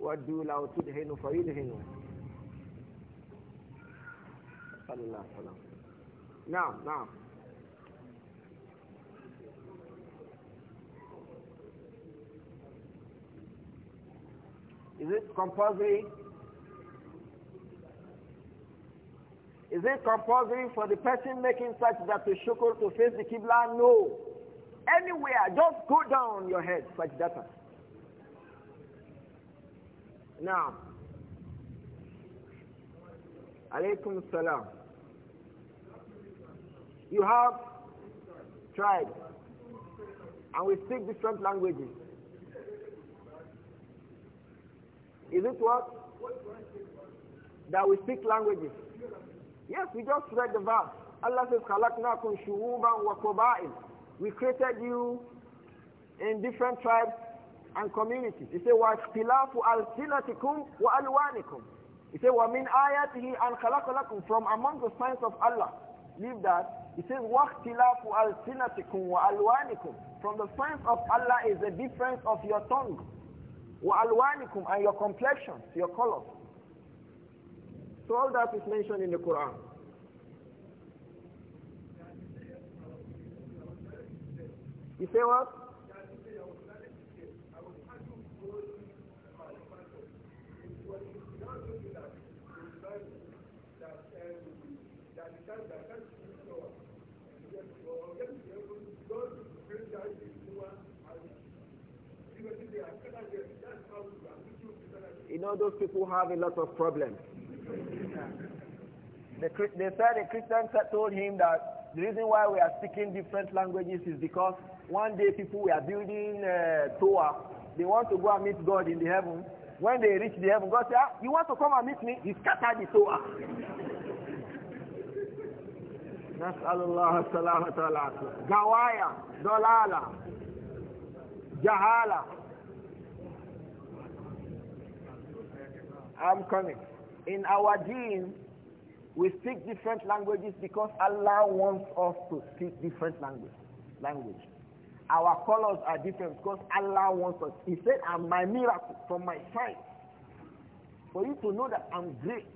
What do you o to dehenu for you dehenu? Sallallahu alayhi wa Now, now. Is it compulsory? Is it compulsory for the person making such that to shukr to face the Qibla? No. Anywhere, just go down your head, such data. Now, alaykum salam. You have tried, and we speak different languages. Is it what? That we speak languages. Yes, we just read the verse. Allah says, خَلَقْنَاكُمْ شُعُوبًا وَقُبَائِلٍ We created you in different tribes and communities. He said, وَاخْتِلَافُ أَلْسِنَتِكُمْ وَأَلْوَانِكُمْ He said, وَمِنْ آيَاتِهِ أَنْ خَلَقَ From among the signs of Allah. Leave that. He says, وَاخْتِلَافُ أَلْسِنَتِكُمْ وَأَلْوَانِكُمْ From the signs of Allah is the difference of your tongue. وَأَلْوَانِكُمْ And your complexion, your colors. So all that is mentioned in the Quran. You say what? You know, those people have a lot of problems. The, they said a Christian told him that the reason why we are speaking different languages is because one day people were building a uh, tower. They want to go and meet God in the heaven. When they reach the heaven, God said, ah, you want to come and meet me? He scattered the tower. نسأل الله السلامة والعافية غوايا ضلالة I'm coming in our deen, we speak different languages because Allah wants us to speak different language. language. Our colors are different because Allah wants us. He said, I'm my miracle from my side. For you to know that I'm great.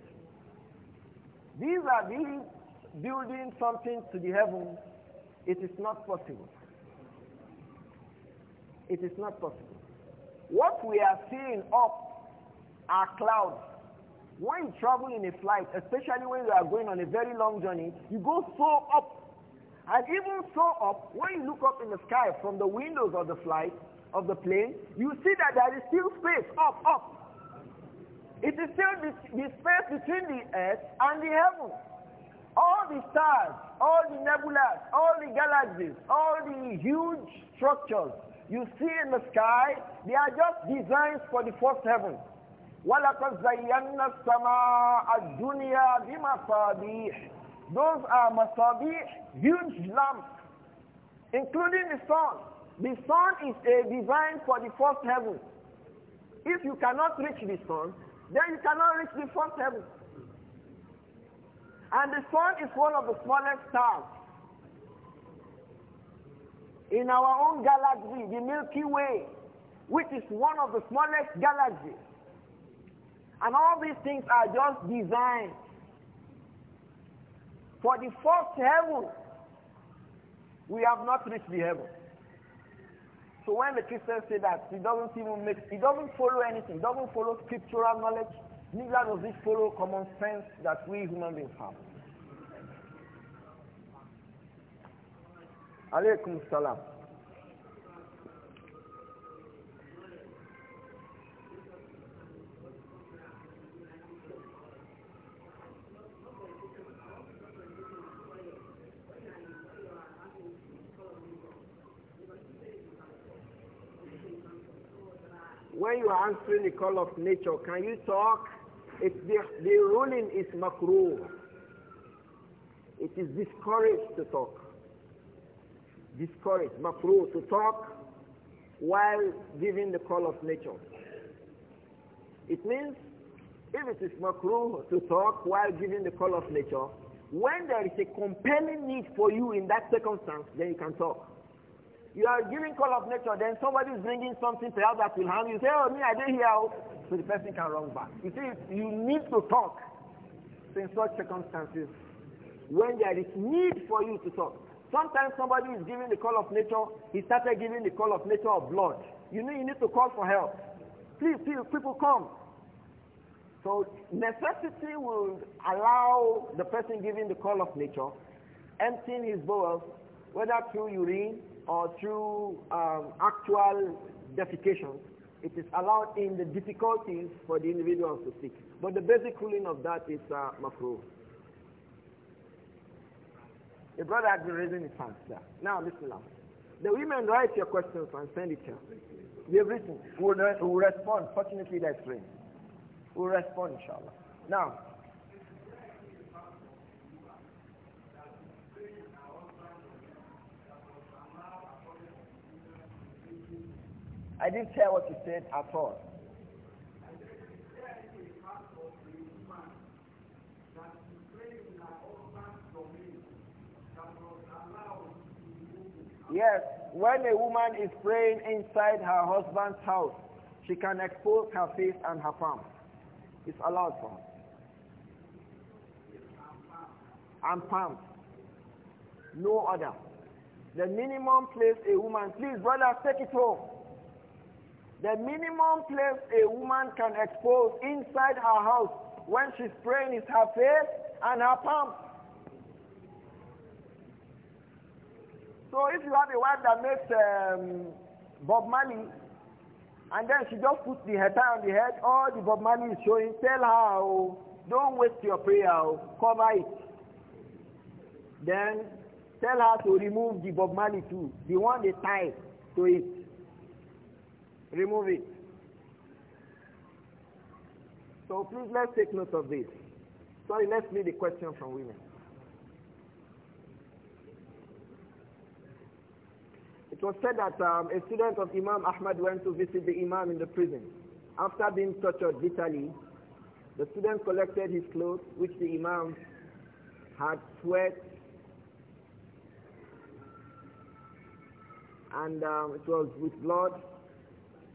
These are being building something to the heaven. It is not possible. It is not possible. What we are seeing up are clouds when you travel in a flight, especially when you are going on a very long journey, you go so up. And even so up, when you look up in the sky from the windows of the flight, of the plane, you see that there is still space up, up. It is still the, the space between the earth and the heaven. All the stars, all the nebulas, all the galaxies, all the huge structures you see in the sky, they are just designs for the first heaven. وَلَقَدْ زَيَّنَّا السَّمَاءَ الدُّنْيَا بِمَصَابِيحِ Those are masabih, huge lamps, including the sun. The sun is a design for the first heaven. If you cannot reach the sun, then you cannot reach the first heaven. And the sun is one of the smallest stars. In our own galaxy, the Milky Way, which is one of the smallest galaxies, and all these things are just designed for the first heaven. We have not reached the heaven. So when the Christians say that, it doesn't even make, it doesn't follow anything, it doesn't follow scriptural knowledge, neither does it follow common sense that we human beings have. Alaykum salam. when you are answering the call of nature, can you talk? It, the, the ruling is makruh. It is discouraged to talk. Discouraged, makruh, to talk while giving the call of nature. It means if it is makruh to talk while giving the call of nature, when there is a compelling need for you in that circumstance, then you can talk. You are giving call of nature, then somebody is bringing something to help that will harm you. Say, oh, me, I didn't hear. So the person can run back. You see, you need to talk. in such circumstances, when there is need for you to talk. Sometimes somebody is giving the call of nature, he started giving the call of nature of blood. You know, you need to call for help. Please, please, people come. So necessity will allow the person giving the call of nature, emptying his bowels, whether through urine or through um, actual defecation, it is allowed in the difficulties for the individual to seek. But the basic ruling of that is uh, makruh. The brother has been raising his hands there. Now listen now. The women write your questions and send it here. We have written. We'll, re uh, we'll respond. Fortunately, that's rain. We'll respond, inshallah. Now, I didn't hear what you said at all. Yes, when a woman is praying inside her husband's house, she can expose her face and her palm. It's allowed for her. And palm. No other. The minimum place a woman, please brother, take it home. The minimum place a woman can expose inside her house when she's praying is her face and her palms. So if you have a wife that makes um, Bob Marley, and then she just puts the hat on the head, all the Bob Marley is showing, tell her, oh, don't waste your prayer, oh, cover it. Then tell her to remove the Bob Marley too, the one they tie to it remove it. So please let's take note of this. Sorry, let's read the question from women. It was said that um, a student of Imam Ahmad went to visit the Imam in the prison. After being tortured bitterly, the student collected his clothes, which the Imam had sweat, and um, it was with blood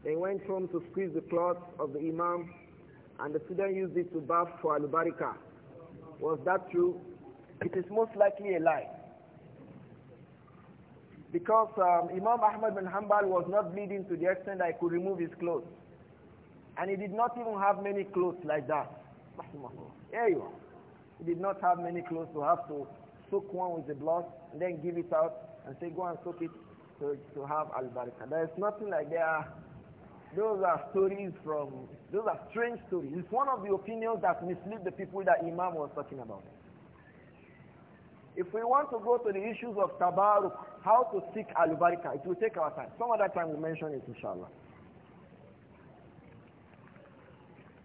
they went home to squeeze the cloth of the Imam and the student used it to bath for Alubarika. Was that true? It is most likely a lie. Because um, Imam Ahmad bin Hanbal was not bleeding to the extent that he could remove his clothes. And he did not even have many clothes like that. There you are. He did not have many clothes to have to soak one with the blood and then give it out and say, go and soak it to, to have al-barakah. There is nothing like that. Those are stories from, those are strange stories. It's one of the opinions that mislead the people that Imam was talking about. If we want to go to the issues of tabaruk, how to seek al-barika, it will take our time. Some other time we'll mention it, inshallah.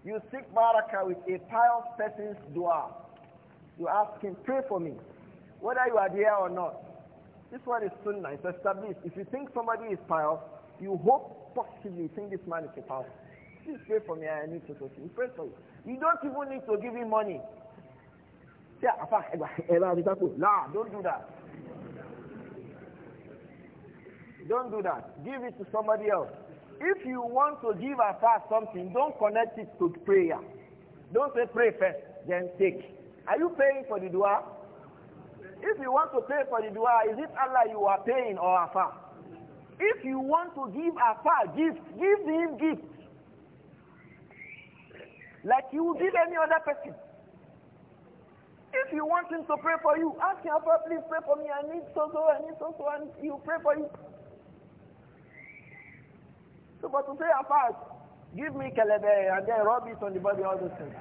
You seek baraka with a pious person's dua. You ask him, pray for me, whether you are there or not. This one is sunnah, it's established. If you think somebody is pious, you hope positively, you think this man is a power. Please pray for me, I need to talk to you. Pray for you. You don't even need to give him money. Say, don't do that. Don't do that. Give it to somebody else. If you want to give a fast something, don't connect it to prayer. Don't say pray first, then take. Are you paying for the dua? If you want to pay for the dua, is it Allah you are paying or Afar? If you want to give a far gift, give him gift. Like you would give any other person. If you want him to pray for you, ask him, Papa, please pray for me. I need so so, I need so so, and he will pray for you. So, but to say fast, give me Kalebe and then rub it on the body, all those things.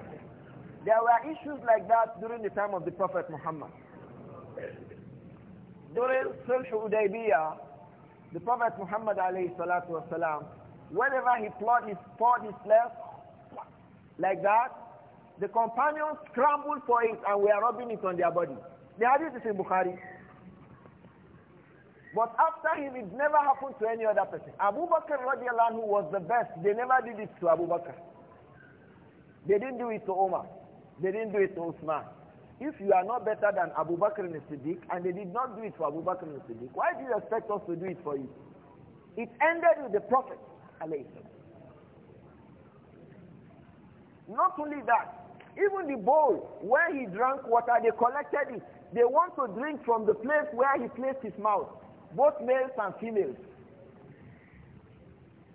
There were issues like that during the time of the Prophet Muhammad. During Sulh Udaybiyah, the Prophet Muhammad alayhi salatu wasalam, whenever he poured his, poured his left like that, the companions scrambled for it and were rubbing it on their body. The hadith is in Bukhari. But after him, it never happened to any other person. Abu Bakr radiallahu was the best. They never did it to Abu Bakr. They didn't do it to Omar. They didn't do it to Usman. If you are not better than Abu Bakr and Siddiq, and they did not do it for Abu Bakr and Siddiq, why do you expect us to do it for you? It ended with the Prophet. Not only that, even the bowl where he drank water, they collected it. They want to drink from the place where he placed his mouth, both males and females.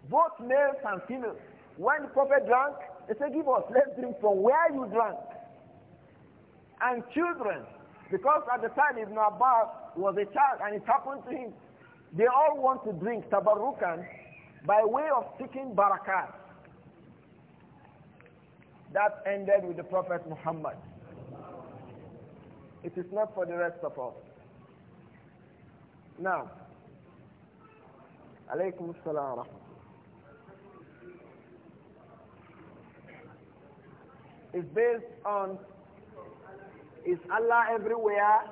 Both males and females. When the Prophet drank, they said, give us, let's drink from where you drank and children. Because at the time Ibn Abbas was a child and it happened to him. They all want to drink tabarukan by way of seeking barakat. That ended with the Prophet Muhammad. It is not for the rest of us. Now, alaykum Salam. It's based on is Allah everywhere?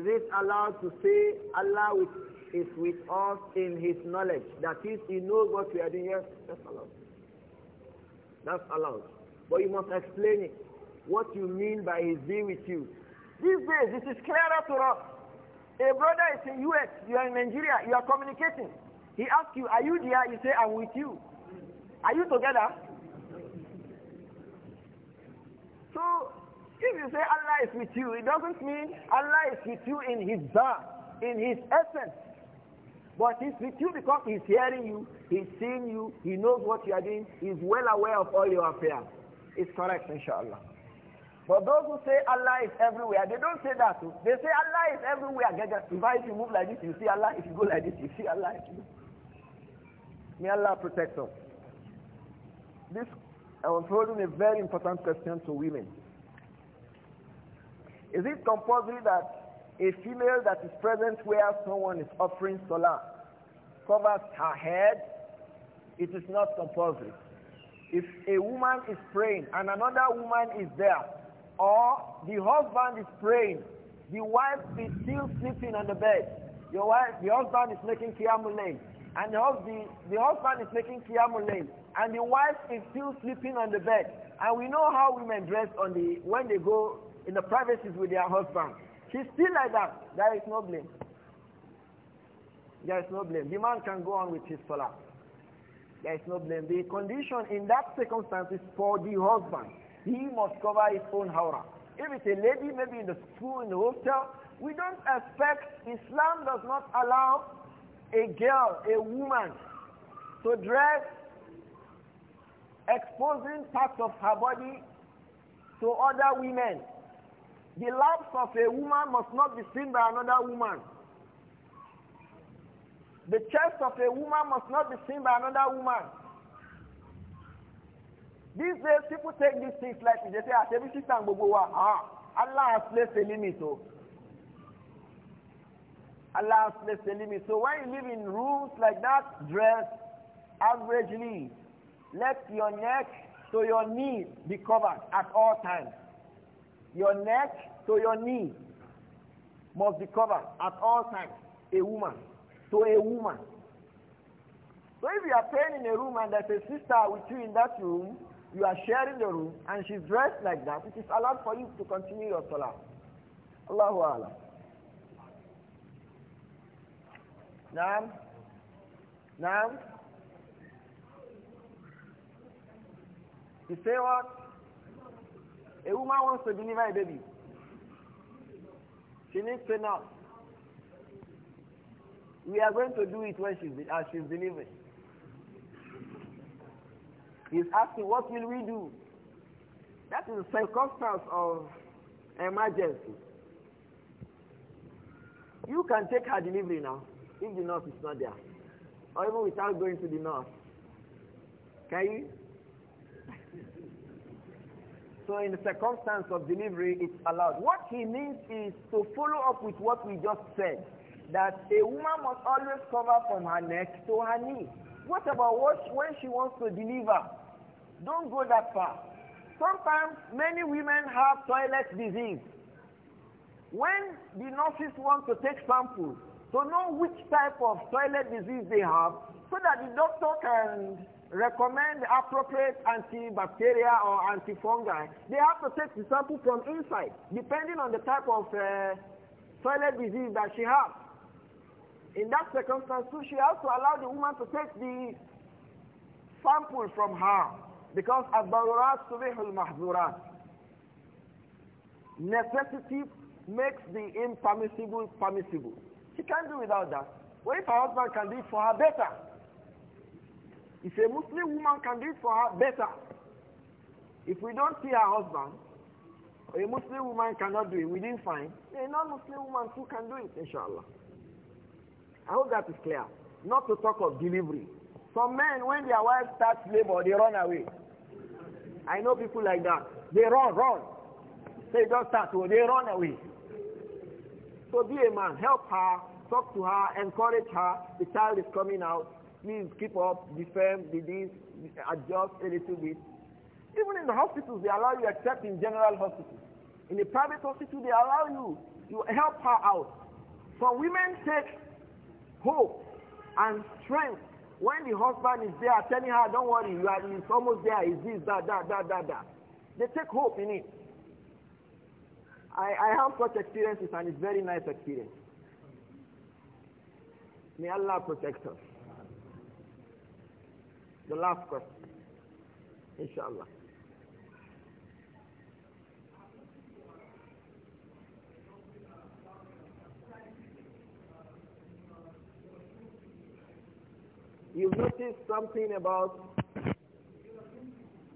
is it allowed to say Allah with, is with us in His knowledge? That is, He knows what we are doing here. That's allowed. That's allowed. But you must explain it. What you mean by His being with you. These days, this is clearer to us. A brother is in US, you are in Nigeria, you are communicating. He asks you, are you there? You say, I'm with you. Are you together? So if you say Allah is with you, it doesn't mean Allah is with you in his zat, in his essence. But he's with you because he's hearing you, he's seeing you, he knows what you are doing, he's well aware of all your affairs. It's correct, inshallah. But those who say Allah is everywhere, they don't say that. Too. Oh. They say Allah is everywhere. If you move like this, you see Allah. If you go like this, you see Allah. May Allah protect us. This, I was holding a very important question to women. Is it compulsory that a female that is present where someone is offering salah covers her head? It is not compulsory. If a woman is praying and another woman is there, or the husband is praying, the wife is still sleeping on the bed, your wife, the husband is making qiyamul and the, the, husband is making qiyamul and the wife is still sleeping on the bed. And we know how women dress on the when they go in the privacies with their husband. She's still like that. There is no blame. There is no blame. The man can go on with his salah. There is no blame. The condition in that circumstance is for the husband. He must cover his own haura. If it's a lady, maybe in the school, in the hotel, we don't expect, Islam does not allow a girl, a woman, to dress exposing parts of her body to other women. The lapse of a woman must not be seen by another woman. The chest of a woman must not be seen by another woman. These days, people take these things like they say, "Asebi sitan gbogbo wa." Ah, Allah has placed a limit, So, oh. Allah has placed a limit. So when you live in rooms like that, dress averagely. Let your neck to your knee be covered at all times. Your neck to your knee must be covered at all times. A woman to a woman. So if you are praying in a room and there's a sister with you in that room, you are sharing the room and she's dressed like that, it is allowed for you to continue your salah. Allahu Allah. Naam. Naam. You say what? A woman wants to deliver a baby. She needs to know. We are going to do it when she's, as she's delivering. He's asking, what will we do? That is a circumstance of emergency. You can take her delivery now if the nurse is not there, or even without going to the nurse. Can you? So in the circumstance of delivery, it's allowed. What he means is to follow up with what we just said, that a woman must always cover from her neck to her knee. What about what, when she wants to deliver? Don't go that far. Sometimes many women have toilet disease. When the nurses want to take samples, to know which type of toilet disease they have, so that the doctor can recommend appropriate antibacterial or antifungal, they have to take the sample from inside, depending on the type of uh, toilet disease that she has. In that circumstance, too, she has to allow the woman to take the sample from her because al-darurat tubihul mahzurat. Necessity makes the impermissible permissible. She can't do without that. Well, if her husband can do it for her, better. If a Muslim woman can do it for her, better. If we don't see her husband, a Muslim woman cannot do it, we didn't find, a non-Muslim woman too can do it, inshallah. I hope that is clear. Not to talk of delivery. Some men, when their wife starts labor, they run away. I know people like that. They run, run. They just start, well, oh. they run away. So be a man, help her, talk to her, encourage her. The child is coming out please keep up, be firm, be this, adjust a little bit. Even in the hospitals, they allow you except in general hospitals. In the private hospital, they allow you. You help her out. So women take hope and strength when the husband is there telling her, don't worry, you are, it's almost there, he's this, that, that, that, that, that. They take hope in it. I, I have such experiences and it's very nice experience. May Allah protect us. The last question. Inshallah. You've noticed something about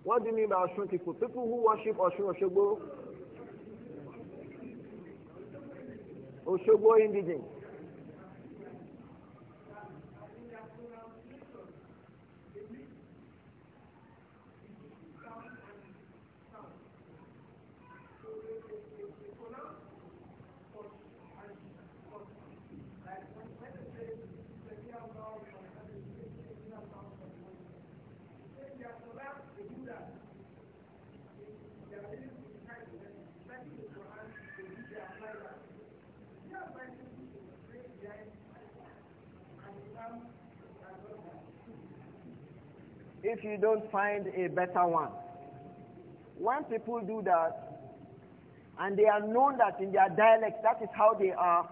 what do you mean by Oshun people? People who worship Oshun Oshogbo, Oshogbo indigenous. if you don't find a better one. When people do that, and they are known that in their dialect, that is how they are,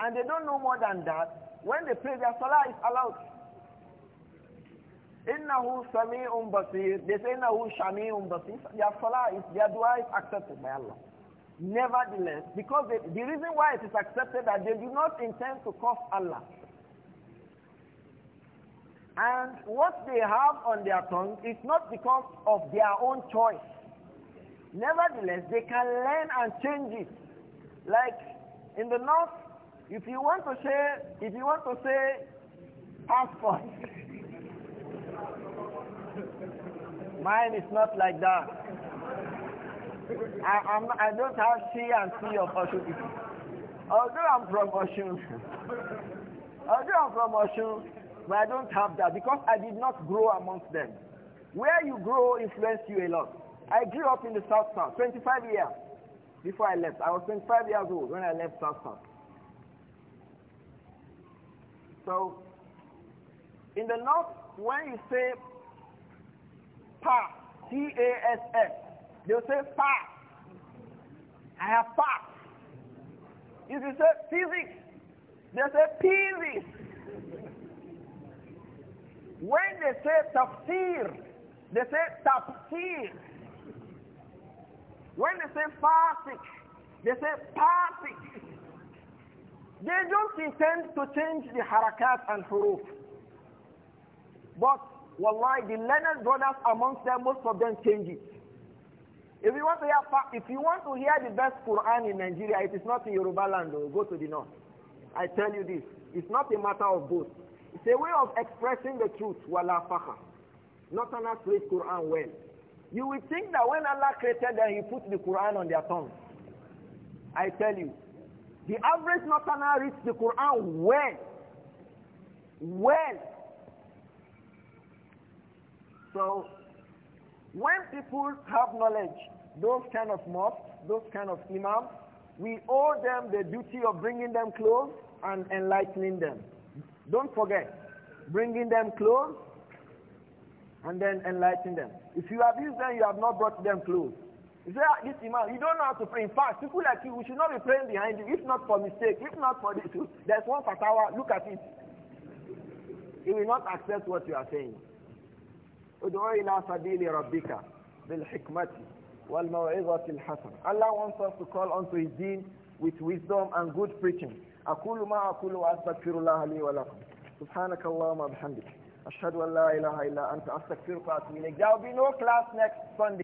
and they don't know more than that, when they pray, their salah is allowed. إِنَّهُ سَمِيعٌ بَصِيرٌ They say, إِنَّهُ شَمِيعٌ بَصِيرٌ Their salah, is, their dua is accepted by Allah. Nevertheless, because they, the reason why it is accepted that they do not intend to curse Allah. And what they have on their tongue is not because of their own choice. Nevertheless, they can learn and change it. Like in the north, if you want to say, if you want to say passport, mine is not like that. I, I'm, I don't have C and C of Oshun. Although I'm from Oshun, although I'm from Oshun, but I don't have that because I did not grow amongst them. Where you grow influences you a lot. I grew up in the South South, 25 years before I left. I was 25 years old when I left South South. So, in the North, when you say pass, T-A-S-S, they'll say pass. I have passed. If you say physics, they say physics. When they say tafsir, they say tafsir. When they say fasik, they say farsi. They don't intend to change the harakat and huruf. But wallahi, the learned brothers amongst them, most of them change it. If you want to hear, if you want to hear the best Quran in Nigeria, it is not in Yoruba land. Oh, go to the north. I tell you this. It's not a matter of both. It's a way of expressing the truth, wala fakha. Not an read Quran well. You will think that when Allah created them, He put the Quran on their tongue. I tell you, the average Northerner reads the Quran well. Well. So, when people have knowledge, those kind of mosques, those kind of imams, we owe them the duty of bringing them close and enlightening them. Don't forget, bringing them close and then enlighten them. If you abuse them, you have not brought them close. You say, ah, this imam, you don't know how to pray. In fact, people like you, we should not be praying behind you, if not for mistake, if not for this. There's one fatawa, look at it. He will not accept what you are saying. ادعو إلى سبيل ربك بالحكمة والموعظة الحسنة. Allah wants us to call unto His deen with wisdom and good preaching. أقول ما أقول وأستغفر الله لي ولكم سبحانك اللهم وبحمدك أشهد أن لا إله إلا أنت أستغفرك وأتوب إليك There will be no class next Sunday